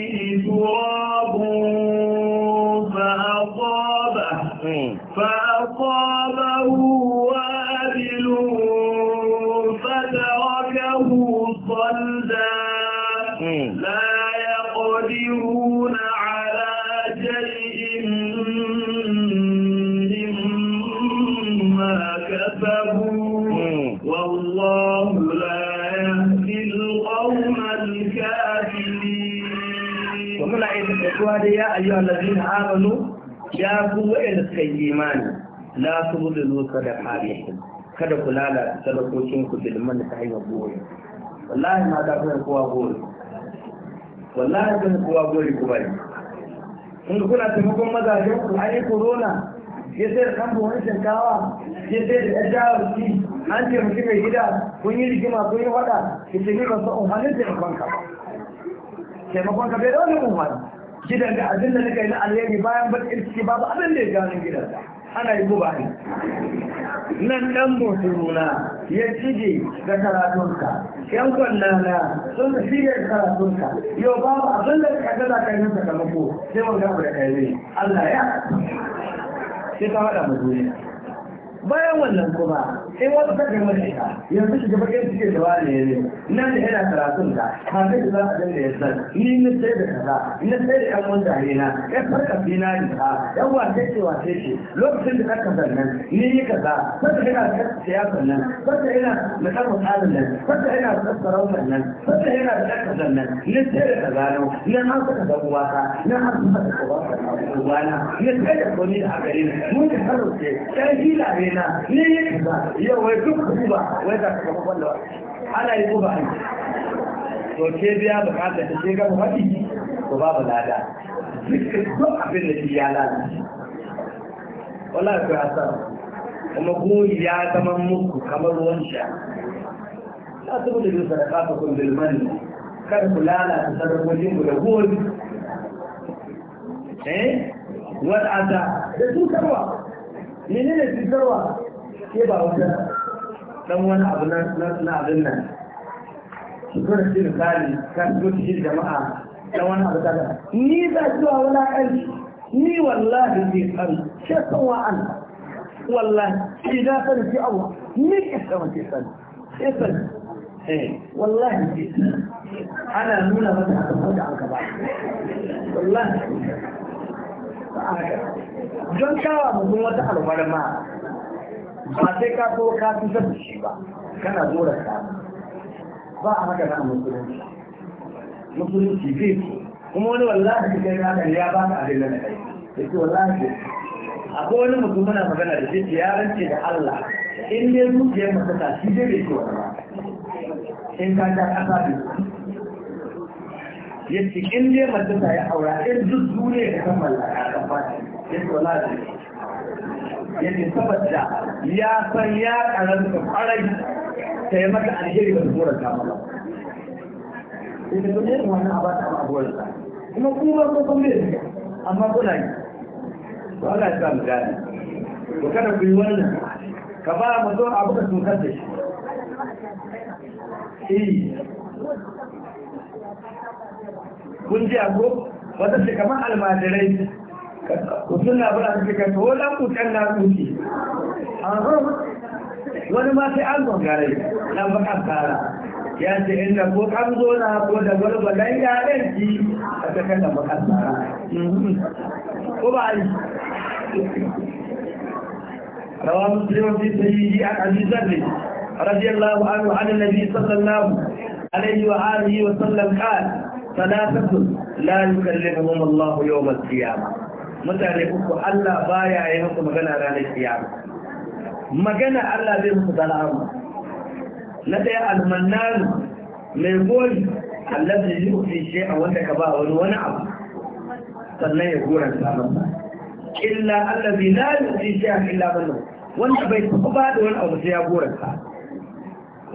da ya ya wa allazina amanu ya ku wa'anda suka yi imani la da sadaqatikum kada ku lalata sadakokin ku bil man ta hanyar gori wallahi ma ta kuma kowa gori wallahi kuma kowa gori ku ne kun ga kuna taimakon mazajen ku ai corona ya sai da kambo wani shankawa ya sai da ɗan jawar ci an taimaki mai gida kun yi rigima kun yi wada ki taimaka masu umarnin taimakon ka taimakon ka bai da wani umarni gidan da abin da nika yi na alheri bayan bakin ciki babu abin da ya gano gidansa ana yi guba ne nan dan musuluna ya cije da karatunka yan na sun shige da karatunka yau babu abin da ka gaza ka yi sakamako sai mun gaba da kai ne Allah ya sai ka faɗa mu duniya bayan wannan kuma in wata ta gama da ita yanzu shiga bakin cikin da wani ya ne nan da yana karatun ta kafin da za a dinga ya san ni na sai da kaza ni na sai da yan wanda ne na ya farka fina ni ta yan wace ce wace ce lokacin da ka kaza nan ni yi kaza sanda yana da siyasa nan sanda yana da karfin tsarin nan sanda yana da sarautar nan sanda yana da ɗan kaza nan ni sai da kaza nan ni an saka da uwata ni an saka da uwana ni sai da koni da a gare mun ka karfe ɗan hila ne na ni yi kaza yau wai duk guba wai za kuma kama kwallo ana yi guba ne to ke biya bukata ta ke gama mafi to babu lada duk duk abin da shi ya lalace wala ku hasan kuma goyi ya zama muku kamar ruwan sha la tubudu bi sadaqatikum bil manni kar ku lalata sadakokin ku da goyi eh wal ata da tukarwa menene su tukarwa ke ba wata dan wani abu na abin nan su zo da shi misali kan zo shi jama'a dan wani abu kaza ni za su wa wala ƙarfi ni wallahi zai tsari shi san wa an wallahi idan sani fi abu ni ke sama ke sani ke sani wallahi ke ana nuna mata a kan da an ka ba wallahi don kawo mutum wata alfarma ba sai ka so ka fi da shi ba kana zo da ka ba a haka na musulunci musulunci zai ce kuma wani wallahi da kai na ya ba ka adai na kai yace wallahi akwai wani mutum muna magana da shi ya rance da Allah in dai zuciyar masa ta shi zai bai ce wani ba in ka ja kasa bi ya cikin ne mace ta yi aura in duk duniya ta kammala a kan fata ya ce wala da yadda saboda ya san ya karanta kwarai ta yi maka alheri da zuwa ta ba. Ita sun yi wannan a ba ta ba abuwar ta. Kuma kuma ko kun bai amma kuna yi. Ba Allah ya samu gani. Ko kada ku yi wannan ka ba mu zo abu da tutar da shi. Eh. Kun ji abu wata shi kamar almajirai mutum na bura suke kan ko dan kutan na wani ma sai an gari, na bakan fara ya ce inda ko kan zo na ko da ya yaren ji a cikin da baka fara mhm. ko ba yi روى مسلم في سيده عن ابي ذر رضي الله عنه عن النبي صلى الله عليه واله وسلم قال ثلاثه لا يكلمهم الله يوم القيامه mutane uku Allah baya yi muku magana ranar kiyama magana Allah zai muku zalama na ɗaya almannan mai gori Allah zai yi muku shi a wanda ka ba wani wani abu sannan ya goran samun ba illa Allah zai na yi shi a illa wannan wanda bai taɓa ba da wani abu sai ya goran sa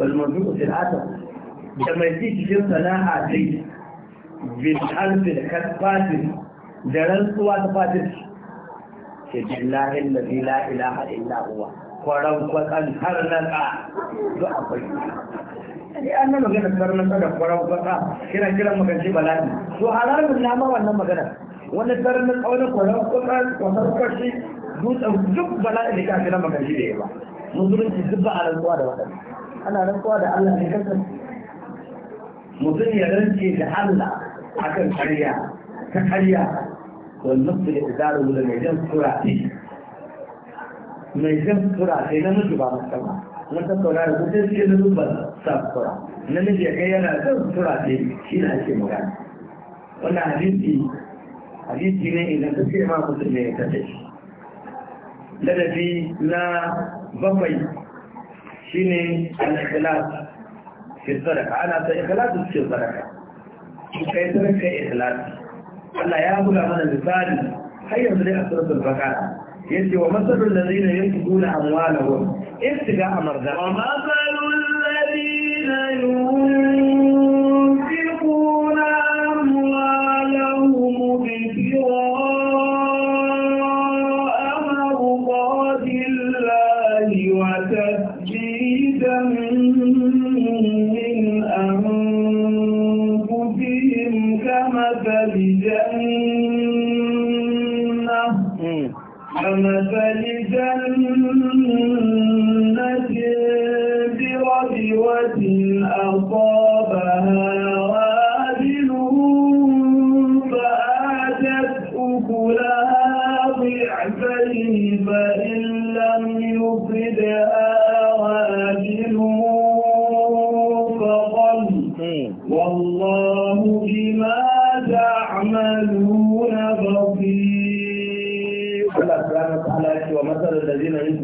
wal mabi'u fil atam da mai cikin sana'a dai bil alfi da kasbatin da rantsuwa ta shi ke da lazi la'ila a illa uwa. kwaran kwatsan har na ka a akwai ne an nan magana kwaran na da kwaran kwatsa kira kiran magance bala'i So halar na nama wannan magana wani tsarin na tsawon kwaran kwatsan kwatsan kwashi dutsen duk bala'i da ka kira magance da ya ba musulunci duk ba a rantsuwa da waɗanda ana rantsuwa da Allah ne kansa mutum ya rantse da Allah akan karya ta karya wannan su da izarin wula mai jan tura ce mai jan tura ce na mutu ba masa ba wata saura da kusa ce na zuba sa tura na miji ya kai yana jan tura ce shi na ake magana wannan hadisi hadisi ne idan ka ce ma mutum ne ya kashe ladabi na bakwai shine al-ikhlas fi sadaka ana ta ikhlas fi sadaka kai sadaka ikhlas Allah ya buga mana misali har yanzu dai a suratul baqara yace wa masalul ladina yanfuduna amwalahum ibtiga amrda wa masalul ladina yunfiquna كمثل جنة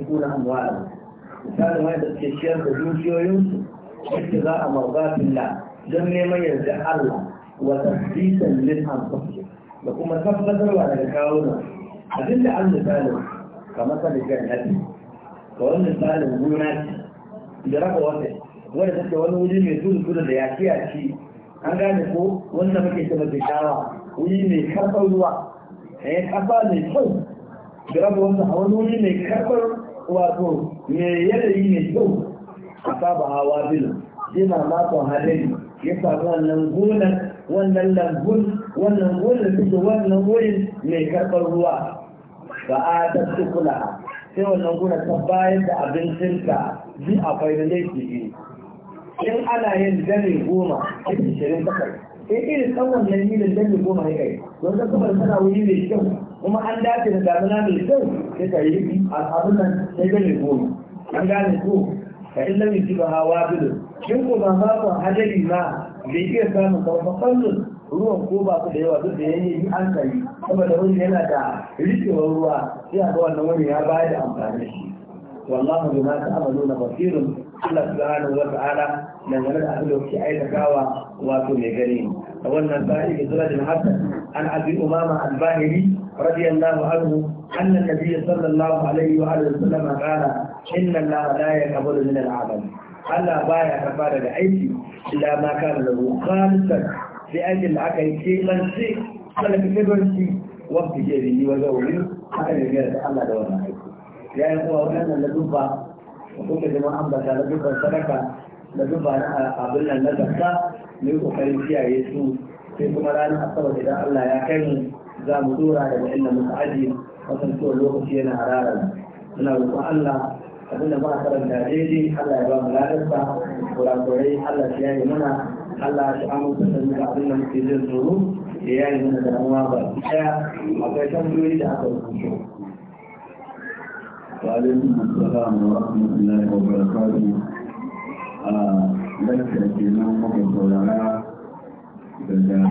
yankuna amwalu misalin wani da suke ciyar da dukiyoyinsu yadda za a mawa fila don neman yarda allah wa tasbitan lil anfusi da kuma tabbatarwa daga kawo nan abin da an misali kamar sa da kan hadi kawai gona ce da raka wata wanda wani wuri mai tudu tudu da yaki yaki an gane ko wanda muke ta mafi kawa mai karfar ruwa ɗaya ƙasa mai kyau da raba wata a wani wuri mai karfar wato mai yanayi mai kyau a saba hawa bilu yana makon halin ya samu wannan gonar wannan lambun wannan gonar suke wannan wurin mai karɓar ruwa ba a ta kula sai wannan gonar ta bayar da abincinta ji a faidalai su yi in ana yin dare goma a shirin takai. in irin tsawon nan yi da dare goma ya kai wanda kamar tana wuri mai kyau kuma an dace da damina mai kyau sai ka yi al'adun nan sai an gane ko ka in lam yusiba hawa bidu in ko ba ba hadari ma bai iya samun kawfafan ruwan ko ba ku da yawa duk da yayi yi an kai saboda wani yana da rikewar ruwa sai a ga wani ya ba da amfani shi wallahu bima na basirun Allah subhanahu wa ta'ala dangane da abin da kuke aikatawa wato mai gani wannan sa'i da zuwa da hasan an abi umama al-bahiri رضي الله عنه أن النبي صلى الله عليه وآله وسلم قال إن الله لا يقبل من العمل ألا بايع كفارة لحيث إلا ما كان له خالصا لأجل عكي شيئا شيء فلك كبر شيء وقت جيبه وزوره حتى يجب الله دوانا حيث يا يقوى أن لدبا وكنت جماعة أمدك لدبا صدقة لدبا أبنى لدبا ليقوى كريم فيها يسوس sai kuma ranar asabar idan Allah ya kai mu za mu dora daga inda muka aji kasancewar lokaci yana harara muna roƙon Allah abin da muka karanta daidai Allah ya ba mu ladarsa kurakurai Allah ya yi mana Allah ya amince da mu abin da muke jin tsoro da ya yi mana damuwa ba ɗaya akwai tambayoyi da aka rubuto. وعليكم السلام ورحمة الله وبركاته لك كنا مقصر على